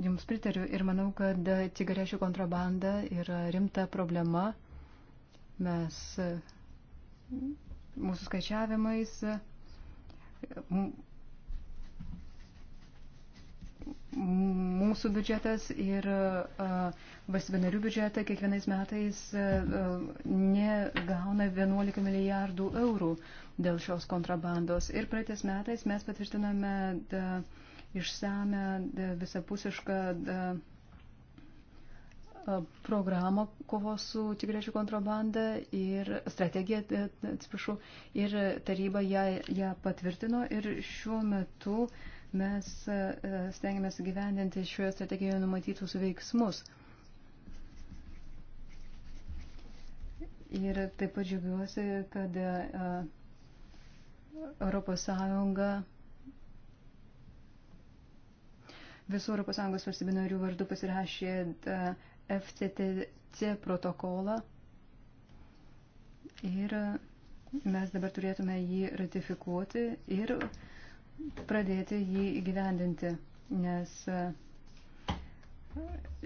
Jums pritariu ir manau, kad cigarečių kontrabanda yra rimta problema. Mes e, mūsų skaičiavimais mūsų biudžetas ir valstybinarių biudžetą kiekvienais metais negauna 11 milijardų eurų dėl šios kontrabandos. Ir praeitais metais mes patvirtiname išsame visapusišką programą kovos su tigrečių kontrabanda ir strategiją, atsiprašau, ir taryba ją, ją patvirtino ir šiuo metu uh, mes e, e, stengiamės gyvendinti šioje strategijoje numatytus veiksmus. Ir taip pat džiugiuosi, kad e, Europos Sąjunga visų Europos Sąjungos valstybių narių vardu pasirašė FCTC protokolą ir mes dabar turėtume jį ratifikuoti ir uh, pradėti jį įgyvendinti, nes e,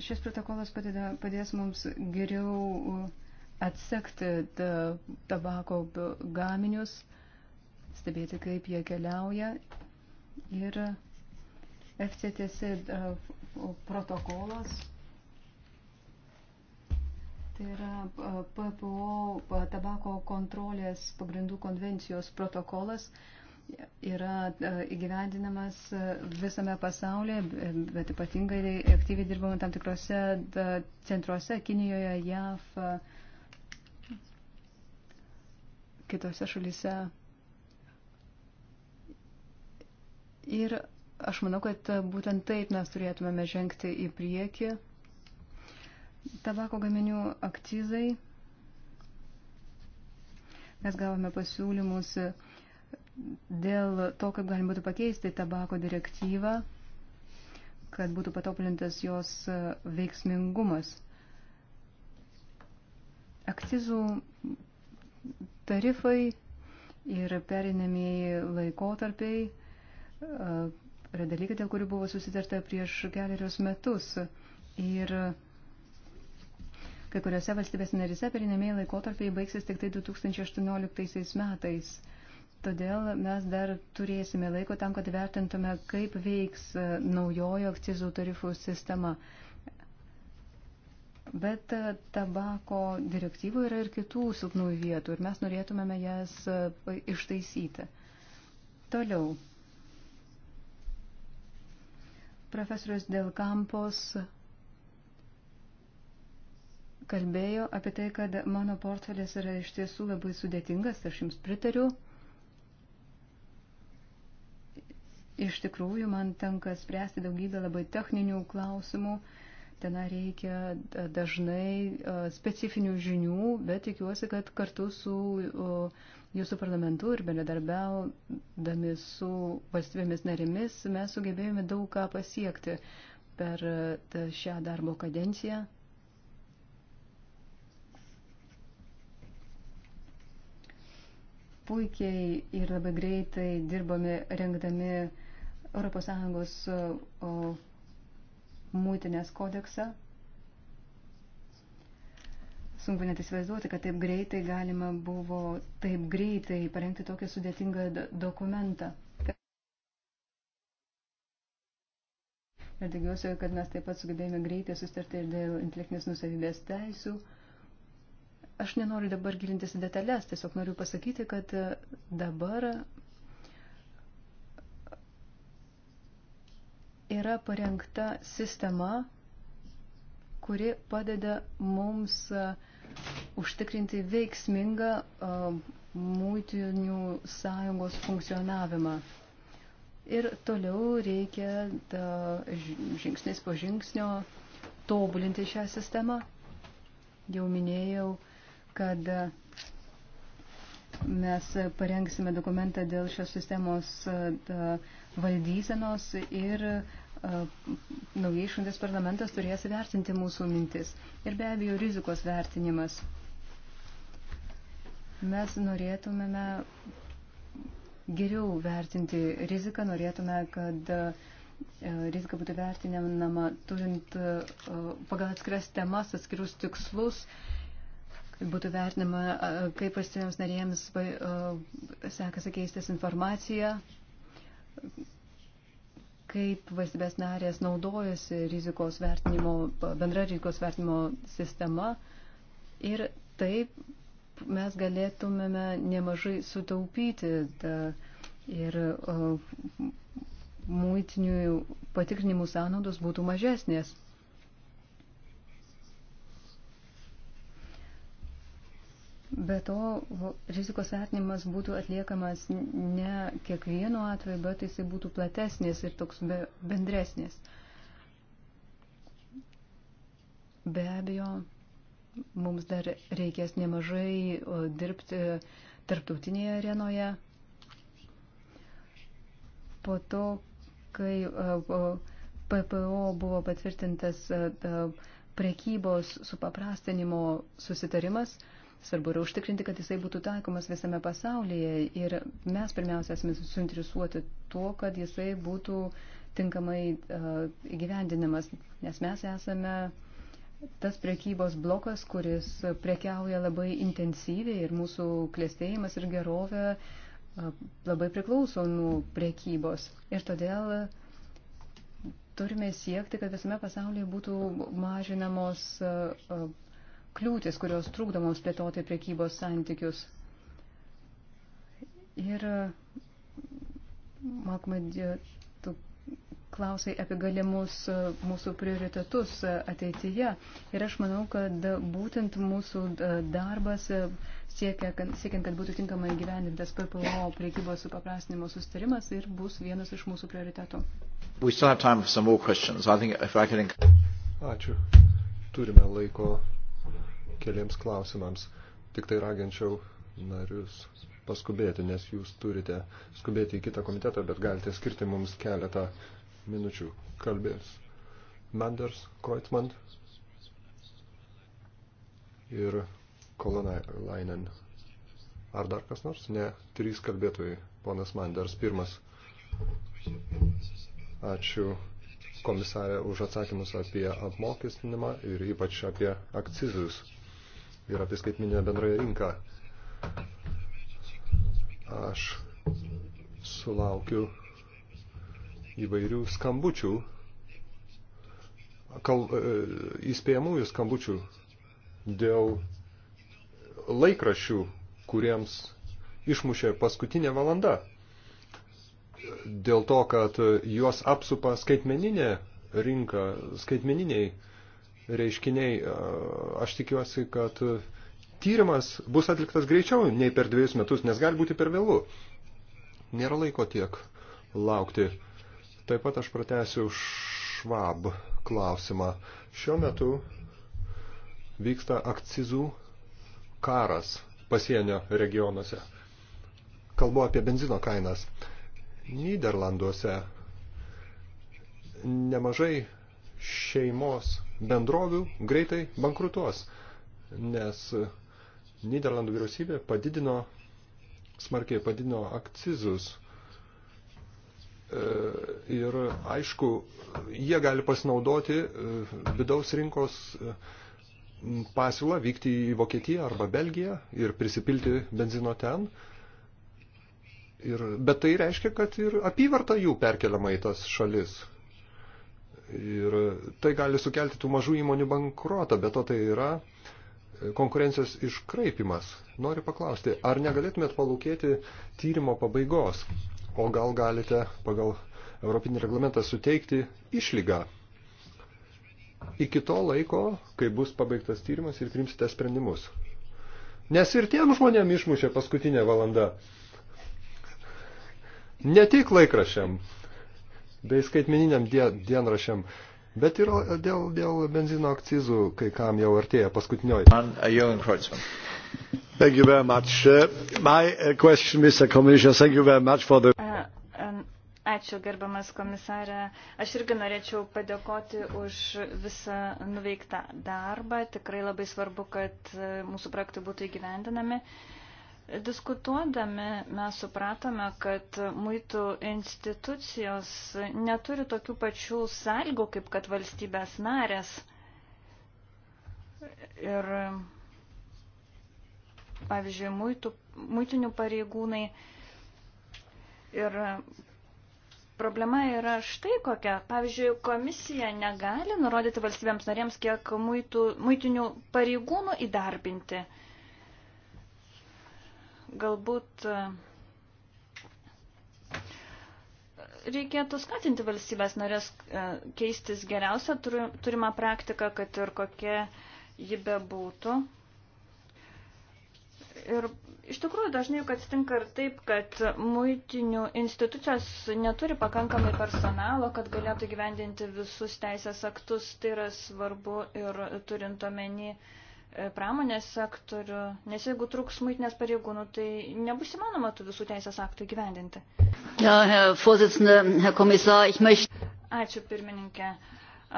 šis protokolas padeda, padės mums geriau e, atsekti tabako gaminius, stebėti, kaip jie keliauja ir FCTC e, protokolas. Tai yra PPO tabako kontrolės pagrindų konvencijos protokolas, yra e, įgyvendinamas e, visame pasaulyje, e, bet ypatingai aktyviai dirbama tam tikrose centruose Kinijoje, JAV, kitose šalyse. Ir aš manau, kad būtent taip mes turėtumėme žengti į priekį. Tabako gaminių akcizai. Mes gavome pasiūlymus uh, dėl to, kaip galima būtų pakeisti tabako direktyvą, kad būtų patobulintas jos e, veiksmingumas. Akcizų tarifai ir perinamieji laikotarpiai e, yra dalykai, dėl kurių buvo susitarta prieš keliarius metus. Ir kai kuriuose valstybės narise perinamieji laikotarpiai baigsis tik tai 2018 metais. Todėl mes dar turėsime laiko tam, kad vertintume, kaip veiks e, naujojo akcizų tarifų sistema. Bet e, tabako direktyvoje yra ir kitų silpnųjų vietų ir mes norėtumėme jas e, ištaisyti. Toliau. Profesorius Del Campos kalbėjo apie tai, kad mano portfelis yra iš tiesų labai sudėtingas, aš jums pritariu. Iš tikrųjų, man tenka spręsti daugybę labai techninių klausimų. Ten reikia dažnai specifinių žinių, bet tikiuosi, kad kartu su jūsų parlamentu ir bendradarbiaudami su valstybėmis narėmis mes sugebėjome daug ką pasiekti per šią darbo kadenciją. puikiai ir labai greitai dirbame rengdami ES e, mūtinės kodeksą. Sunku net įsivaizduoti, kad taip greitai galima buvo taip greitai parengti tokią sudėtingą dokumentą. Ir tikiuosi, kad mes taip pat sugebėjome greitai sustarti ir dėl intelektinės nusavybės teisų. Aš nenoriu dabar gilintis į detalės, tiesiog noriu pasakyti, kad e, dabar yra parengta sistema, kuri padeda mums užtikrinti veiksmingą mūtinių sąjungos funkcionavimą. Ir toliau reikia da, žingsnis po žingsnio tobulinti šią sistemą. Jau minėjau, kad mes parengsime dokumentą dėl šios sistemos da, valdysenos ir naujai išrinktas parlamentas turės vertinti mūsų mintis ir be abejo rizikos vertinimas. Mes norėtumėme geriau vertinti riziką, norėtume, kad rizika būtų vertinama turint pagal atskiras temas, atskirus tikslus, kad būtų vertinama, kaip valstybėms narėms sekasi keistis informacija, kaip valstybės narės naudojasi rizikos vertinimo, bendra rizikos vertinimo sistema ir taip mes galėtumėme nemažai sutaupyti da, ir muitinių patikrinimų sąnaudos būtų mažesnės. Be to, rizikos vertinimas būtų atliekamas ne kiekvienu atveju, bet jisai būtų platesnis ir toks be, bendresnis. Be abejo, mums dar reikės nemažai dirbti tarptautinėje arenoje. Po to, kai PPO buvo patvirtintas e, e, prekybos supaprastinimo susitarimas, Svarbu yra užtikrinti, kad jisai būtų taikomas visame pasaulyje ir mes pirmiausia esame suinteresuoti tuo, kad jisai būtų tinkamai uh, įgyvendinamas, nes mes esame tas prekybos blokas, kuris prekiauja labai intensyviai ir mūsų klėstėjimas ir gerovė uh, labai priklauso nuo prekybos. Ir todėl uh, turime siekti, kad visame pasaulyje būtų mažinamos e, kliūtis, kurios trukdo mums plėtoti priekybos santykius. Ir, Malkma, tu klausai apie galimus mūsų prioritetus ateityje. Ir aš manau, kad būtent mūsų e, darbas e, siekia, siekiant, kad būtų tinkamai gyvendintas PPO priekybos supaprastinimo sustarimas ir bus vienas iš mūsų prioritetų. Can... Ačiū. Turime laiko keliems klausimams. Tik tai raginčiau narius paskubėti, nes jūs turite skubėti į kitą komitetą, bet galite skirti mums keletą minučių. Kalbės Manders, Kreutmann ir Kolonailainen. Ar dar kas nors? Ne, trys kalbėtojai. Ponas Manders, pirmas. Ačiū komisarė už atsakymus apie apmokestinimą ir ypač apie akcizus ir apie skaitminę bendrąją rinką. Aš sulaukiu įvairių skambučių, kal, e, įspėjamųjų skambučių dėl laikrašių, kuriems išmušė paskutinė valanda. Dėl to, kad juos apsupa skaitmeninė rinka, skaitmeniniai reiškiniai. Aš tikiuosi, kad tyrimas bus atliktas greičiau nei per dviejus metus, nes gali būti per vėlų. Nėra laiko tiek laukti. Taip pat aš pratęsiu švab klausimą. Šiuo metu vyksta akcizų karas pasienio regionuose. Kalbu apie benzino kainas. Niderlanduose nemažai šeimos bendrovių greitai bankrutuos, nes Niderlandų vyriausybė padidino, smarkiai padidino akcizus. E, ir aišku, jie gali pasinaudoti e, vidaus rinkos e, pasiūlą, vykti į Vokietiją arba Belgiją ir prisipilti benzino ten. Ir, bet tai reiškia, kad ir apyvarta jų perkeliama į tas šalis. Ir tai gali sukelti tų mažų įmonių bankruotą, bet to tai yra e, konkurencijos iškraipimas. Noriu paklausti, ar negalėtumėt palūkėti tyrimo pabaigos, o gal galite pagal Europinį reglamentą suteikti išlygą iki to laiko, kai bus pabaigtas tyrimas ir primsite sprendimus. Nes ir tiem žmonėm išmušė paskutinė valanda. Ne tik laikrašiam bei skaitmeniniam dienrašiam. Bet ir dėl, dėl benzino akcizų, kai kam jau artėja paskutinioji. Uh, thank you very much. Uh, my uh, question, Mr. Commissioner, thank you very much for the... Uh, um, ačiū, gerbamas komisarė. Aš irgi norėčiau padėkoti už visą nuveiktą darbą. Tikrai labai svarbu, kad uh, mūsų projektai būtų įgyvendinami. Uh, Diskutuodami mes supratome, kad muitų institucijos neturi tokių pačių sąlygų, kaip kad valstybės narės. Ir, pavyzdžiui, muitų, muitinių pareigūnai. Ir problema yra štai kokia. Pavyzdžiui, komisija negali nurodyti valstybėms narėms, kiek muitų, muitinių pareigūnų įdarbinti. Uh, Galbūt e, reikėtų skatinti valstybės narės e, keistis geriausią turimą praktiką, kad ir kokia ji bebūtų. Ir iš tikrųjų dažnai juk atsitinka ir taip, kad muitinių institucijos neturi pakankamai personalo, kad galėtų gyvendinti visus teisės aktus. Tai yra svarbu ir turint omeny uh, E, pramonės sektorių, nes jeigu trūks muitinės pareigūnų, tai nebus įmanoma tų visų teisės aktų įgyvendinti. Ja, Herr Kommissar, ich möchte... Ačiū, pirmininkė.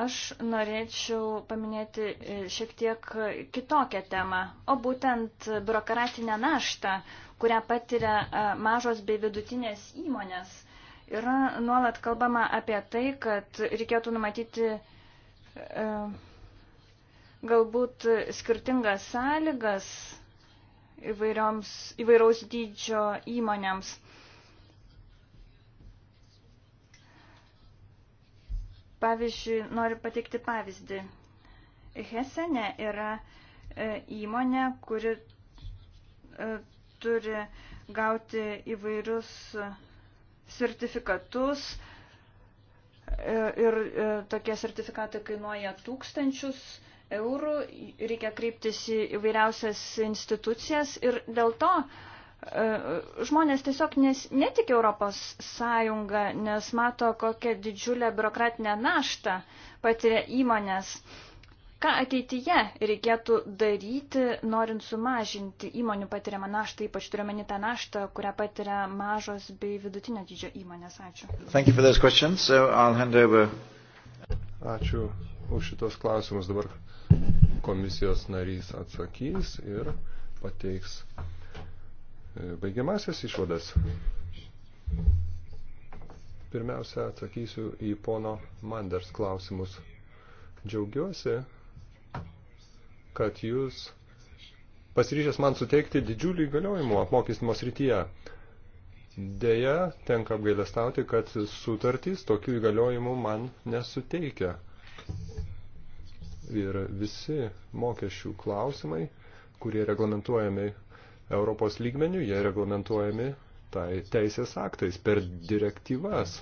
Aš norėčiau paminėti e, šiek tiek kitokią temą, o būtent biurokratinę naštą, kurią patiria e, mažos bei vidutinės įmonės. Yra nuolat kalbama apie tai, kad reikėtų numatyti e, galbūt skirtingas sąlygas įvairaus dydžio įmonėms. Pavyzdžiui, noriu pateikti pavyzdį. Hesene yra e, įmonė, kuri e, turi gauti įvairius sertifikatus e, ir tokie sertifikatai kainuoja tūkstančius eurų, reikia kreiptis į įvairiausias institucijas ir dėl to e, žmonės tiesiog nes, netik Europos Sąjunga, nes mato, kokią didžiulę biurokratinę naštą patiria įmonės. Ką ateityje reikėtų daryti, norint sumažinti įmonių patiriamą naštą, ypač turiuomenį tą naštą, kurią patiria mažos bei vidutinio dydžio įmonės? Ačiū. So Ačiū už šitos klausimus. Dabar komisijos narys atsakys ir pateiks e, baigiamasias išvadas. Pirmiausia, atsakysiu į pono Manders klausimus. Džiaugiuosi, kad jūs pasiryžęs man suteikti didžiulį įgaliojimų apmokestimo srityje. Deja, tenka apgailestauti, kad sutartys tokių įgaliojimų man nesuteikia ir visi mokesčių klausimai, kurie reglamentuojami Europos lygmenių, jie reglamentuojami tai teisės aktais per direktyvas.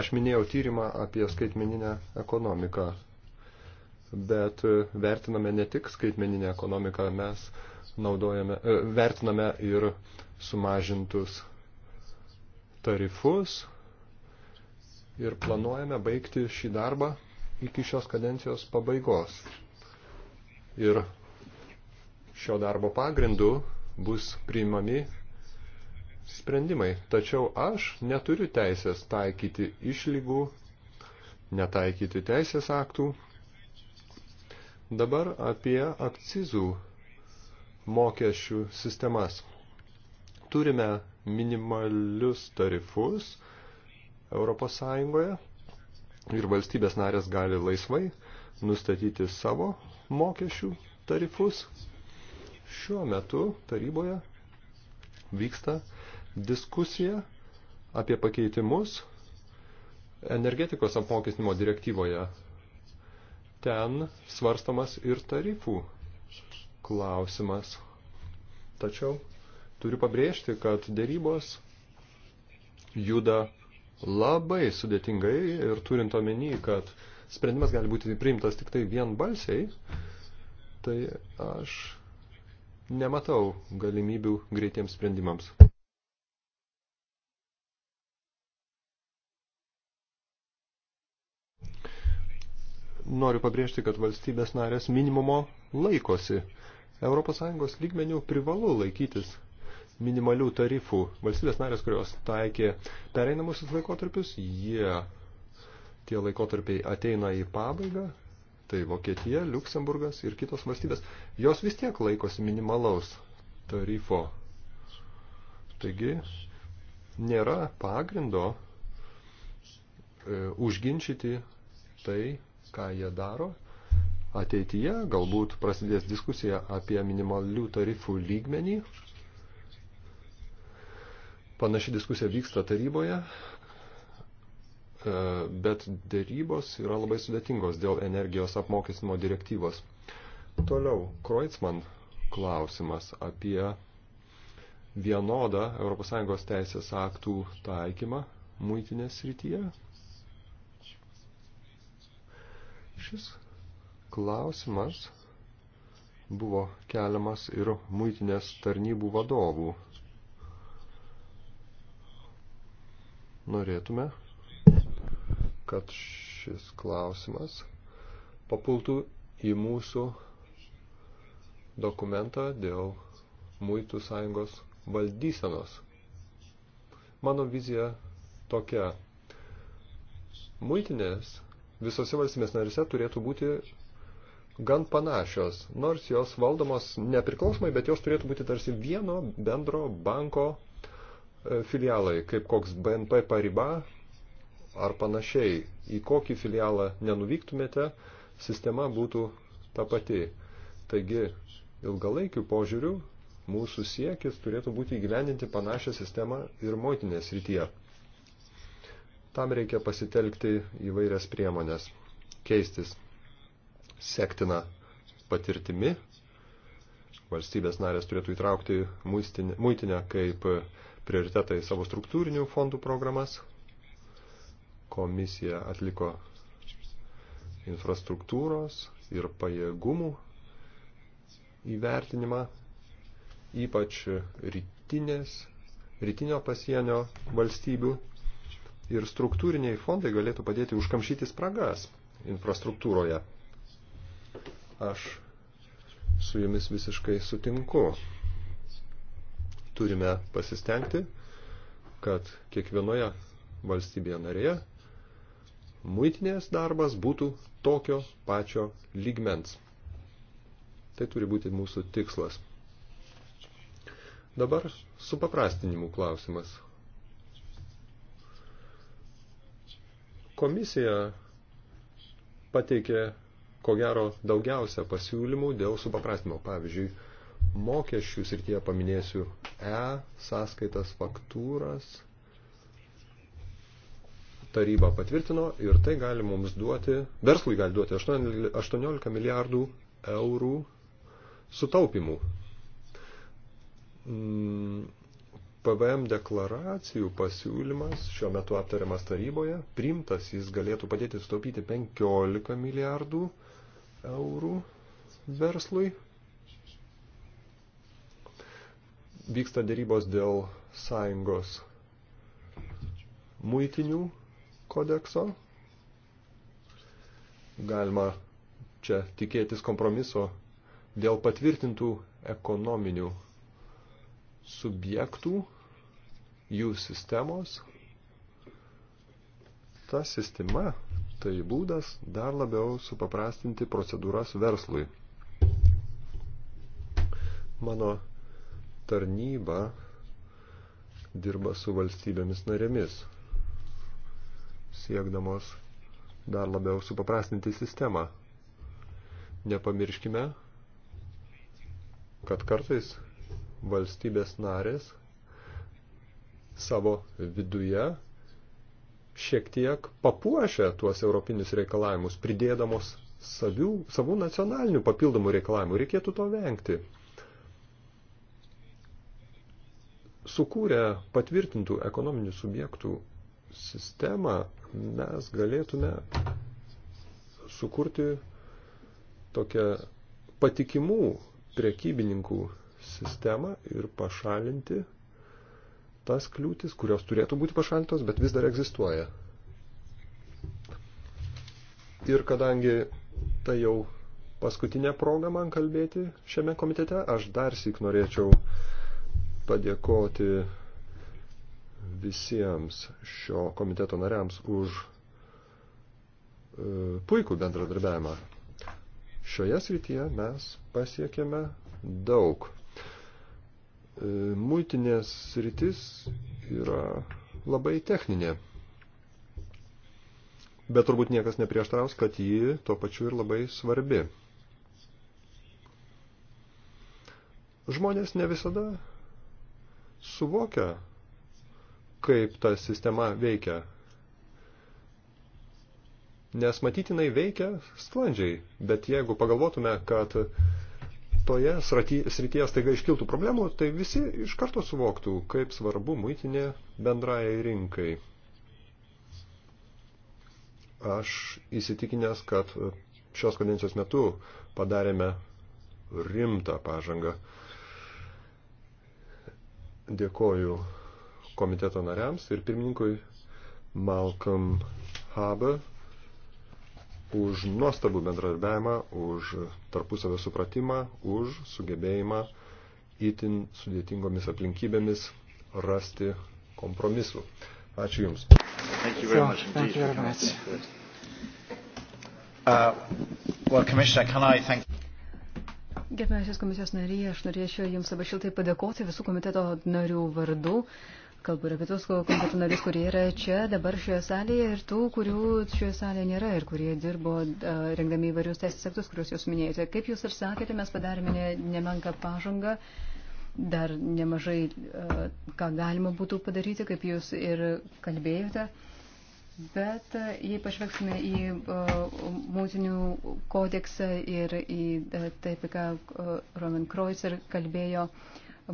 Aš minėjau tyrimą apie skaitmeninę ekonomiką, bet e, vertiname ne tik skaitmeninę ekonomiką, mes naudojame, e, vertiname ir sumažintus tarifus ir planuojame baigti šį darbą iki šios kadencijos pabaigos. Ir šio darbo pagrindu bus priimami sprendimai. Tačiau aš neturiu teisės taikyti išlygų, netaikyti teisės aktų. Dabar apie akcizų mokesčių sistemas. Turime minimalius tarifus Europos Sąjungoje, ir valstybės narės gali laisvai nustatyti savo mokesčių tarifus. Šiuo metu taryboje vyksta diskusija apie pakeitimus energetikos apmokestinimo direktyvoje. Ten svarstamas ir tarifų klausimas. Tačiau turiu pabrėžti, kad dėrybos juda labai sudėtingai ir turint omeny, kad sprendimas gali būti priimtas tik tai vien balsiai, tai aš nematau galimybių greitiems sprendimams. Noriu pabrėžti, kad valstybės narės minimumo laikosi. ES lygmenių privalu laikytis minimalių tarifų. Valstybės narės, kurios taikė pereinamusius laikotarpius, jie tie laikotarpiai ateina į pabaigą, tai Vokietija, Luksemburgas ir kitos valstybės, jos vis tiek laikosi minimalaus tarifo. Taigi nėra pagrindo e, užginčyti tai, ką jie daro. Ateityje galbūt prasidės diskusija apie minimalių tarifų lygmenį, Panaši diskusija vyksta taryboje, e, bet dėrybos yra labai sudėtingos dėl energijos apmokestinimo direktyvos. Toliau, Kreutzmann klausimas apie vienodą ES teisės aktų taikymą muitinės srityje. Šis klausimas buvo keliamas ir muitinės tarnybų vadovų norėtume, kad šis klausimas papultų į mūsų dokumentą dėl muitų sąjungos valdysenos. Mano vizija tokia. Muitinės visose valstybės narise turėtų būti gan panašios, nors jos valdomos nepriklausomai, bet jos turėtų būti tarsi vieno bendro banko E, filialai, kaip koks BNP pariba ar panašiai, į kokį filialą nenuvyktumėte, sistema būtų ta pati. Taigi, ilgalaikių požiūrių mūsų siekis turėtų būti įgyvendinti panašią sistemą ir motinės rytyje. Tam reikia pasitelkti įvairias priemonės, keistis sektina patirtimi. Valstybės narės turėtų įtraukti muitinę kaip prioritetą į savo struktūrinių fondų programas. Komisija atliko infrastruktūros ir pajėgumų įvertinimą, ypač rytinės, rytinio pasienio valstybių. Ir struktūriniai fondai galėtų padėti užkamšyti spragas infrastruktūroje. Aš su jumis visiškai sutinku turime pasistengti, kad kiekvienoje valstybėje narėje muitinės darbas būtų tokio pačio lygmens. Tai turi būti mūsų tikslas. Dabar supaprastinimų klausimas. Komisija pateikė ko gero daugiausia pasiūlymų dėl supaprastinimo. Pavyzdžiui, mokesčių srityje paminėsiu E, sąskaitas, faktūras. Taryba patvirtino ir tai gali mums duoti, verslui gali duoti 18 milijardų eurų sutaupimų. PVM mm, deklaracijų pasiūlymas šiuo metu aptariamas taryboje, priimtas jis galėtų padėti sutaupyti 15 milijardų eurų verslui vyksta dėrybos dėl sąjungos muitinių kodekso. Galima čia tikėtis kompromiso dėl patvirtintų ekonominių subjektų, jų sistemos. Ta sistema tai būdas dar labiau supaprastinti procedūras verslui. Mano tarnyba dirba su valstybėmis narėmis, siekdamos dar labiau supaprastinti sistemą. Nepamirškime, kad kartais valstybės narės savo viduje šiek tiek papuošia tuos europinius reikalavimus, pridėdamos savių, savų nacionalinių papildomų reikalavimų. Reikėtų to vengti. sukūrę patvirtintų ekonominių subjektų sistemą, mes galėtume sukurti tokią patikimų prekybininkų sistemą ir pašalinti tas kliūtis, kurios turėtų būti pašalintos, bet vis dar egzistuoja. Ir kadangi tai jau paskutinė proga man kalbėti šiame komitete, aš dar sik norėčiau uh, padėkoti visiems šio komiteto nariams už e, puikų bendradarbiavimą. Šioje srityje mes pasiekėme daug. E, muitinės sritis yra labai techninė. Bet turbūt niekas neprieštaraus, kad ji tuo pačiu ir labai svarbi. Žmonės ne visada suvokia, kaip ta sistema veikia. Nes matytinai veikia sklandžiai, bet jeigu pagalvotume, kad toje srityje staiga iškiltų problemų, tai visi iš karto suvoktų, kaip svarbu muitinė bendrajai rinkai. Aš įsitikinęs, kad šios kadencijos metu padarėme rimtą pažangą. Dėkoju komiteto nariams ir pirmininkui Malcolm Haber už nuostabų bendradarbiavimą, už tarpusavio supratimą, už sugebėjimą įtin sudėtingomis aplinkybėmis rasti kompromisų. Ačiū Jums. Thank you very much indeed. Thank you very much. Uh, well, Commissioner, can I thank you? Gerbiamasis komisijos nariai, aš norėčiau Jums labai šiltai padėkoti visų komiteto narių vardu. Kalbu ir apie tos komiteto narius, kurie yra čia dabar šioje salėje ir tų, kurių šioje salėje nėra ir kurie dirbo rengdami įvairius teisės aktus, kuriuos Jūs minėjote. Kaip Jūs ir sakėte, mes padarėme ne, nemenką pažangą dar nemažai, ką galima būtų padaryti, kaip jūs ir kalbėjote. Bet e, jei pažvelgsime į e, mūzinių kodeksą ir į e, taip, ką Roman Kreuzer kalbėjo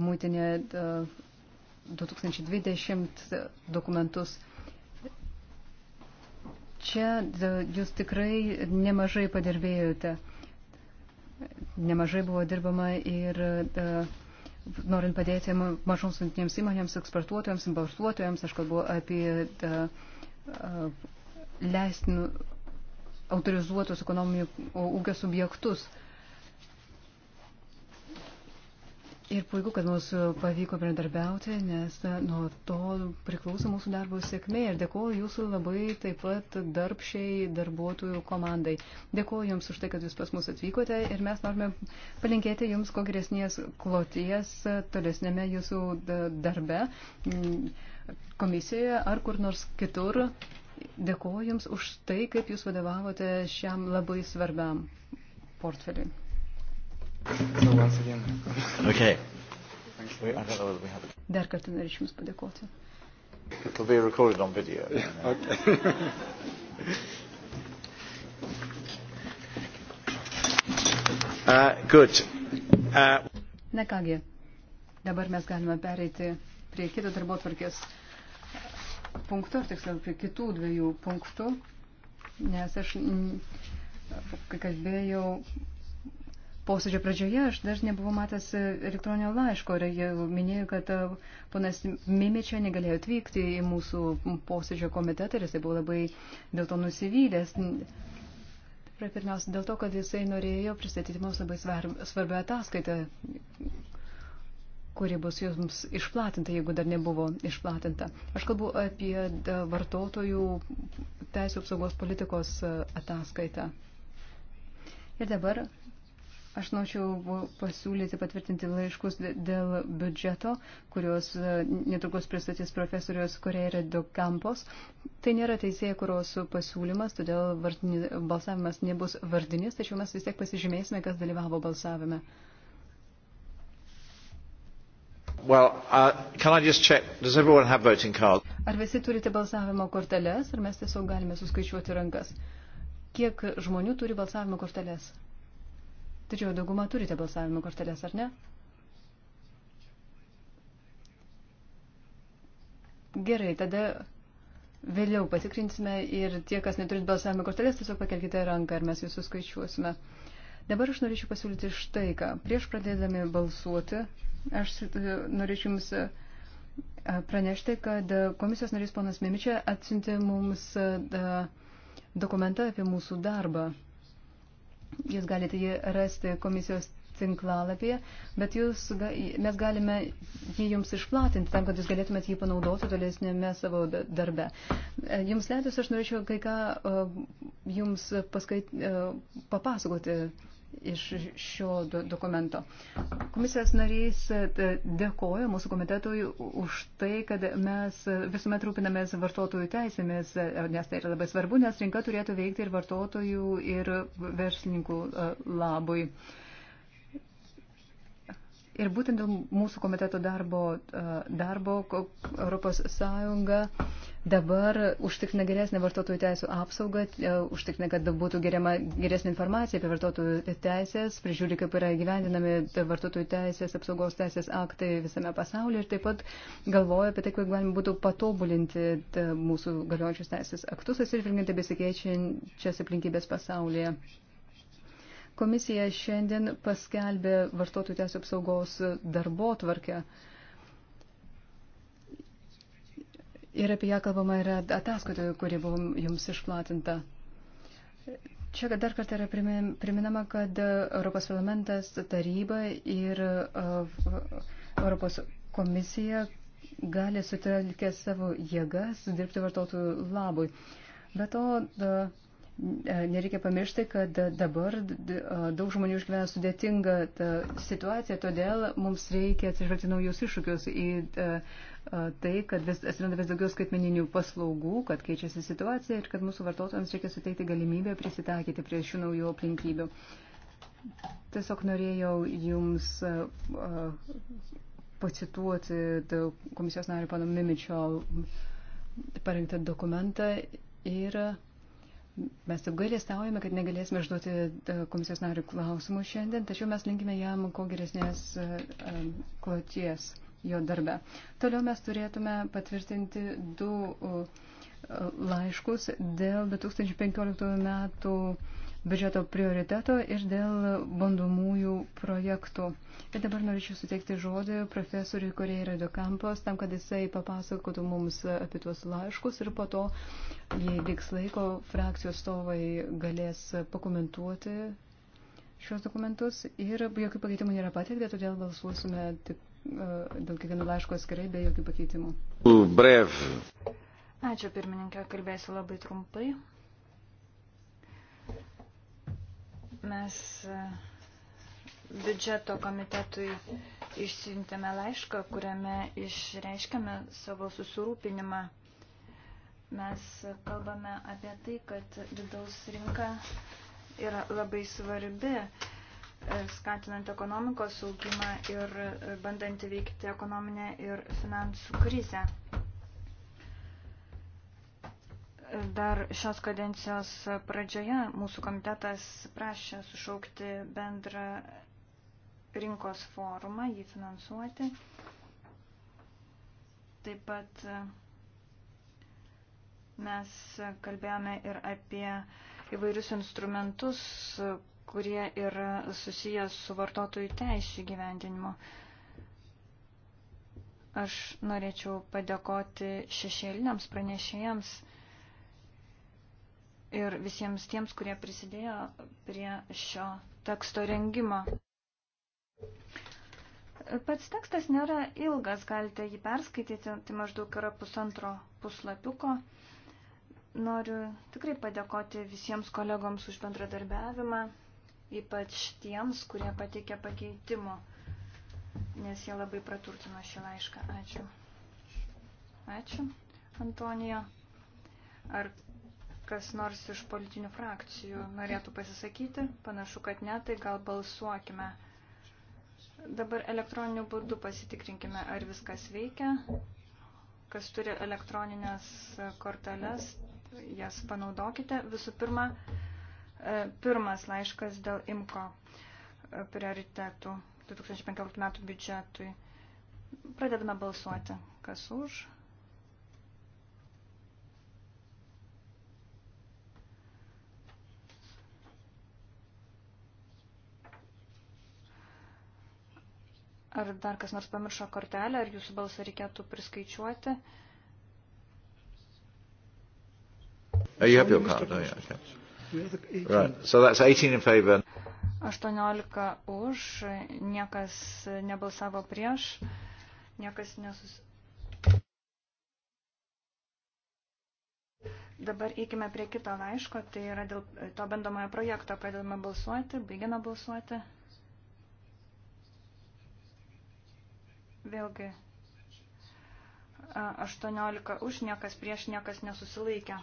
mūtinė 2020 dokumentus, čia jūs tikrai nemažai padirbėjote. Nemažai buvo dirbama ir norint padėti mažoms sunkinėms įmonėms, eksportuotojams, importuotojams, aš kalbu apie da, leistinų nu, autorizuotus ekonominių ūkio subjektus. Ir puiku, kad mums pavyko bendarbiauti, nes nuo to priklauso mūsų darbo sėkmė. Ir dėkuoju jūsų labai taip pat darbšiai darbuotojų komandai. Dėkuoju jums už tai, kad jūs pas mus atvykote ir mes norime palinkėti jums kuo geresnės kloties tolesnėme jūsų darbe. Mm komisijoje ar kur nors kitur. Dėkuoju Jums už tai, kaip Jūs vadovavote šiam labai svarbiam portfeliui. Okay. Dar kartą norėčiau Jums padėkoti. It'll be recorded on video. okay. uh, good. Uh... Na kągi, dabar mes galime pereiti prie kito darbo tvarkės punkto, tiksliau prie kitų dviejų punktų, nes aš, kai kalbėjau posėdžio pradžioje, aš dar nebuvau matęs elektroninio laiško ir jau minėjau, kad e, ponas Mimičia negalėjo atvykti į mūsų posėdžio komitetą ir jisai buvo labai dėl to nusivylęs. Pirmiausia, dėl to, kad jisai norėjo pristatyti mums labai svarbią ataskaitą, kuri bus jums išplatinta, jeigu dar nebuvo išplatinta. Aš kalbu apie e, vartotojų teisų apsaugos politikos e, ataskaitą. Ir dabar aš norėčiau pasiūlyti patvirtinti laiškus dėl biudžeto, kuriuos e, netrukus pristatys profesorius Koreira do Campos. Tai nėra teisėja, kurios pasiūlymas, todėl vardini, balsavimas nebus vardinis, tačiau mes vis tiek pasižymėsime, kas dalyvavo balsavime. Well, uh, can I just check, does everyone have voting cards? Ar visi turite balsavimo korteles, ar mes tiesiog galime suskaičiuoti rankas? Kiek žmonių turi balsavimo korteles? Tačiau dauguma turite balsavimo korteles, ar ne? Gerai, tada vėliau patikrinsime ir tie, kas neturit balsavimo korteles, tiesiog pakelkite ranką ir mes jūs suskaičiuosime. Dabar aš norėčiau pasiūlyti štai ką. Prieš pradėdami balsuoti, aš e, norėčiau jums e, pranešti, kad komisijos narys ponas Mimičia atsiuntė mums e, dokumentą apie mūsų darbą. Jūs galite jį rasti komisijos tinklalapyje, bet jūs, mes galime jį jums išplatinti tam, kad jūs galėtumėte jį panaudoti tolesnėme savo darbe. Jums leidus aš norėčiau kai ką jums paskait, papasakoti iš šio dokumento. Komisijos narys e, dėkoja mūsų komitetui už tai, kad mes visuomet rūpinamės vartotojų teisėmis, e, nes tai yra labai svarbu, nes rinka turėtų veikti ir vartotojų, ir verslininkų e, labui. Uh, Ir būtent dėl mūsų komiteto darbo, darbo Europos Sąjunga dabar užtikrina geresnę vartotojų teisų apsaugą, užtikrina, kad būtų geriama geresnė informacija apie vartotojų teisės, prižiūri, kaip yra gyvendinami vartotojų teisės, apsaugos teisės aktai visame pasaulyje ir taip pat galvoja apie tai, kaip galima būtų patobulinti mūsų galiojančius teisės aktus, atsižvelgiant į besikeičiančias aplinkybės pasaulyje. Komisija šiandien paskelbė vartotojų teisų apsaugos darbo tvarkę. Ir apie ją kalbama yra ataskaitoje, kuri buvo jums išplatinta. Čia dar kartą yra priminama, kad Europos parlamentas, taryba ir uh, Europos komisija gali sutelkę savo jėgas dirbti vartotojų labui. Be to, uh, E, nereikia pamiršti, kad dabar daug žmonių išgyvena sudėtingą situaciją, todėl mums reikia atsižvelgti naujus iššūkius į e, tai, kad vis, atsiranda vis daugiau skaitmeninių paslaugų, kad keičiasi situacija ir kad mūsų vartotojams reikia suteikti galimybę prisitaikyti prie šių naujų aplinkybių. Tiesiog norėjau Jums pacituoti komisijos nario pano Mimičio parengtą dokumentą ir Mes taip gailėstaujame, kad negalėsime išduoti e, komisijos narių klausimų šiandien, tačiau mes linkime jam kuo geresnės e, e, kloties jo darbe. Toliau mes turėtume patvirtinti du laiškus dėl 2015 metų biudžeto prioriteto ir dėl bandomųjų projektų. Ir dabar norėčiau suteikti žodį profesoriui Korėjai Radiokampos, tam, kad jisai papasakotų mums apie tuos laiškus ir po to, jei liks laiko, frakcijos stovai galės pakomentuoti šios dokumentus ir jokių pakeitimų nėra pateikta, todėl balsuosime tik e, dėl kiekvieno laiško atskirai, be jokių pakeitimų. Brev. Ačiū pirmininkė, kalbėsiu labai trumpai. Mes e, biudžeto komitetui išsiuntėme laišką, kuriame išreiškėme savo susirūpinimą. Mes kalbame apie tai, kad vidaus rinka yra labai svarbi, e, skatinant ekonomikos augimą ir e, bandant įveikti ekonominę ir finansų krizę. Dar šios kadencijos pradžioje mūsų komitetas prašė sušaukti bendrą rinkos forumą, jį finansuoti. Taip pat e, mes kalbėjome ir apie įvairius instrumentus, kurie yra susijęs su vartotojų teisų gyvendinimu. Aš norėčiau padėkoti šešėliniams pranešėjams ir visiems tiems, kurie prisidėjo prie šio teksto rengimo. Pats tekstas nėra ilgas, galite jį perskaityti, tai maždaug yra pusantro puslapiuko. Noriu tikrai padėkoti visiems kolegoms už bendradarbiavimą, ypač tiems, kurie pateikė pakeitimo, nes jie labai praturtino šį laišką. Ačiū. Ačiū, Antonijo. Ar kas nors iš politinių frakcijų norėtų pasisakyti? Panašu, kad ne, tai gal balsuokime. Dabar elektroniniu būdu pasitikrinkime, ar viskas veikia. Kas turi elektroninės korteles, jas panaudokite. Visų pirma, e, pirmas laiškas dėl IMCO e, prioritetų 2015 metų biudžetui. Pradedame balsuoti. Kas už? Ar dar kas nors pamiršo kortelę, ar jūsų balsą reikėtų priskaičiuoti? Oh, you have your card, don't oh, you? Okay. Right, so that's 18 in favor. 18 už, niekas nebalsavo prieš, niekas nesus... Dabar eikime prie kito laiško, tai yra dėl to bandomojo projekto, pradedame balsuoti, baigiame balsuoti. Vėlgi 18 už niekas prieš niekas nesusilaikė.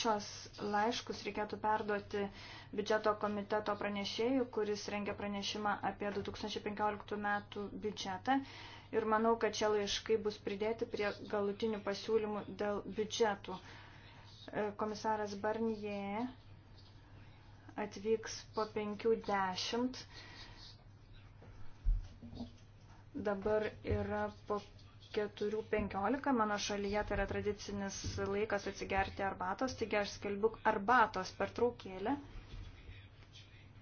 Šios laiškus reikėtų perduoti biudžeto komiteto pranešėjų, kuris rengia pranešimą apie 2015 metų biudžetą. Ir manau, kad čia laiškai bus pridėti prie galutinių pasiūlymų dėl biudžetų. E, komisaras Barnie atvyks po 50 dabar yra po 4.15, mano šalyje tai yra tradicinis laikas atsigerti arbatos, taigi aš skelbiu arbatos per traukėlę.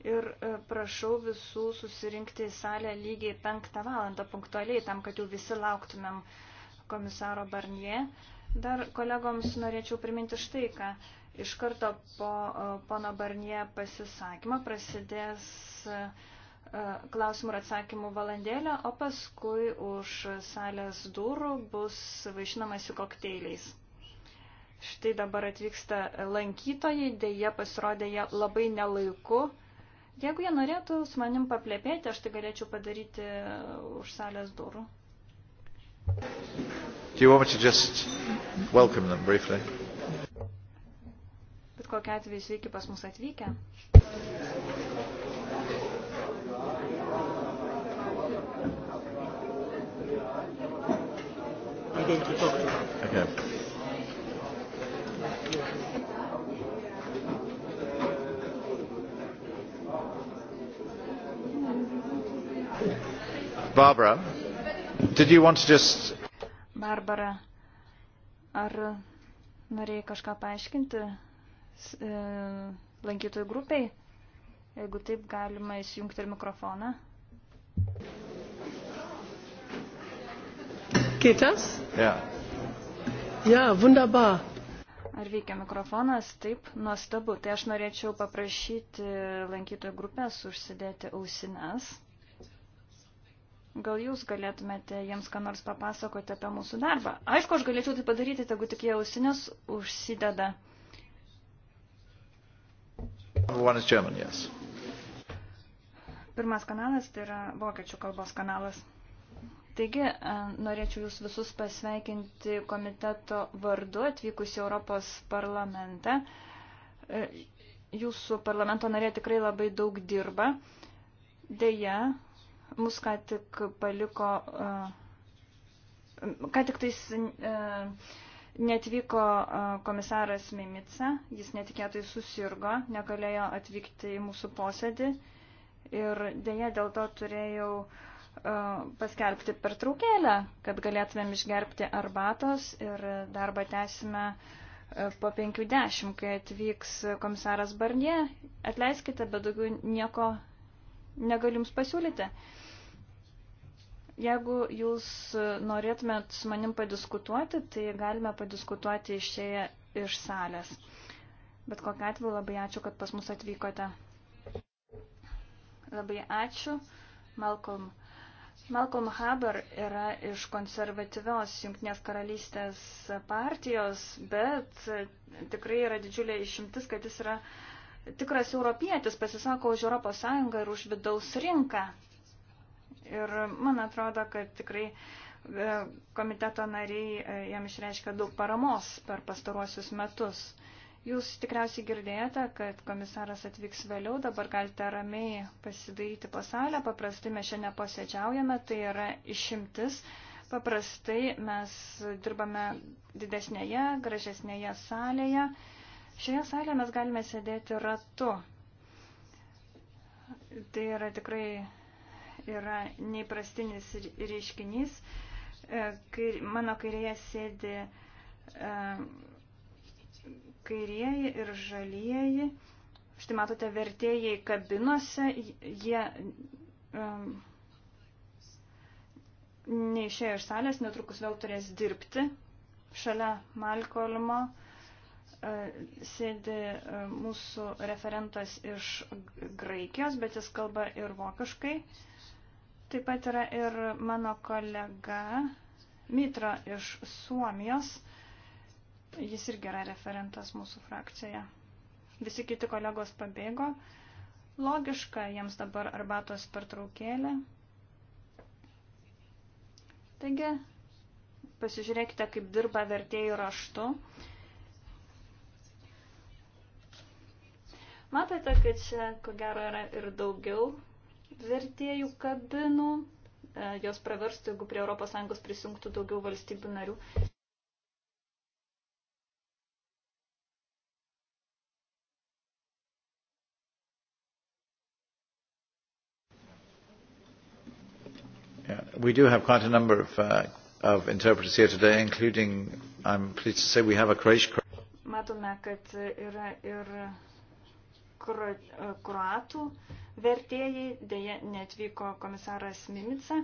Ir e, prašau visų susirinkti į salę lygiai 5 valandą punktualiai, tam, kad jau visi lauktumėm komisaro Barnie. Dar kolegoms norėčiau priminti štai ką. Iš karto po e, pono Barnie pasisakymą prasidės uh, E, klausimų ir atsakymų valandėlę, o paskui už salės durų bus vaišinamasi kokteiliais. Štai dabar atvyksta lankytojai, dėja pasirodė jie labai nelaiku. Jeigu jie norėtų su manim paplėpėti, aš tai galėčiau padaryti už salės durų. Do you want me to just welcome them briefly? Bet kokia atveju sveiki pas mus atvykę. I'm going to talk to him. Okay. Barbara, did you want to just... Barbara, ar norėjai kažką paaiškinti e, lankytojų grupiai? Jeigu taip, galima įsijungti ir mikrofoną. Geht das? Ja. Ja, wunderbar. Ar veikia mikrofonas? Taip, nuostabu. Tai aš norėčiau paprašyti lankytojų grupės užsidėti ausines. Gal jūs galėtumėte jiems ką nors papasakoti apie mūsų darbą? Aišku, aš galėčiau tai padaryti, jeigu tik jie ausinės užsideda. German, yes. Pirmas kanalas tai yra vokiečių kalbos kanalas. Taigi, e, norėčiau Jūs visus pasveikinti komiteto vardu atvykus į Europos parlamentą. E, jūsų parlamento narė tikrai labai daug dirba. Deja, mus ką tik paliko, e, ką tik tais netvyko komisaras Mimica, jis netikėtai susirgo, negalėjo atvykti į mūsų posėdį ir dėja dėl to turėjau uh, paskelbti pertraukėlę, kad galėtumėm išgerbti arbatos ir darbą tęsime po 50, kai atvyks komisaras Barnie. Atleiskite, bet daugiau nieko negaliu jums pasiūlyti. Jeigu jūs norėtumėt su manim padiskutuoti, tai galime padiskutuoti išėję iš salės. Bet kokia atveju labai ačiū, kad pas mus atvykote. Labai ačiū, Malcolm. Malcolm Haber yra iš konservatyvios Junktinės karalystės partijos, bet tikrai yra didžiulė išimtis, kad jis yra tikras europietis, pasisako už ES ir už vidaus rinką. Ir man atrodo, kad tikrai e, komiteto nariai e, jam išreiškia daug paramos per pastaruosius metus. Jūs tikriausiai girdėjote, kad komisaras atvyks vėliau, dabar galite ramiai pasidaryti po salę, paprastai mes šiandien posėdžiaujame, tai yra išimtis. Paprastai mes dirbame didesnėje, gražesnėje salėje. Šioje salėje mes galime sėdėti ratu. Tai yra tikrai yra neįprastinis reiškinys. E, kai mano kairėje sėdi e, kairieji ir žalieji. Štai matote, vertėjai kabinose, jie um, neišėjo iš salės, netrukus vėl turės dirbti. Šalia Malkolmo uh, sėdi uh, mūsų referentas iš Graikijos, bet jis kalba ir vokiškai. Taip pat yra ir mano kolega Mitra iš Suomijos. Uh, Jis irgi yra referentas mūsų frakcijoje. Visi kiti kolegos pabėgo. Logiška, jiems dabar arbatos pertraukėlė. Taigi, pasižiūrėkite, kaip dirba vertėjų raštu. Matote, kad čia, ko gero, yra ir daugiau vertėjų kabinų. E, jos praverstų, jeigu prie ES prisijungtų daugiau valstybių narių. we do have quite a number of, uh, of interpreters here today, including, I'm pleased to say, we have a Croatian. Matome, kad yra ir kroatų vertėjai, dėje netvyko komisaras Mimica.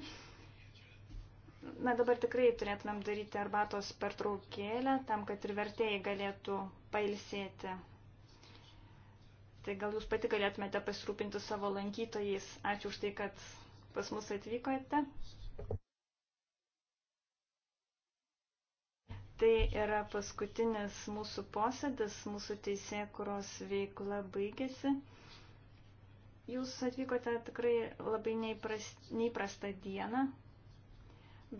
Na dabar tikrai turėtumėm daryti arbatos pertraukėlę, tam, kad ir vertėjai galėtų pailsėti. Tai gal jūs pati galėtumėte pasirūpinti savo lankytojais. Ačiū už tai, kad pas mus atvykote. Tai yra paskutinis mūsų posėdis, mūsų teisėkuros veikla baigėsi. Jūs atvykote tikrai labai neįprastą dieną,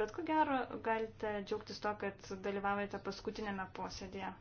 bet ko gero galite džiaugtis to, kad dalyvaujate paskutinėme posėdėje.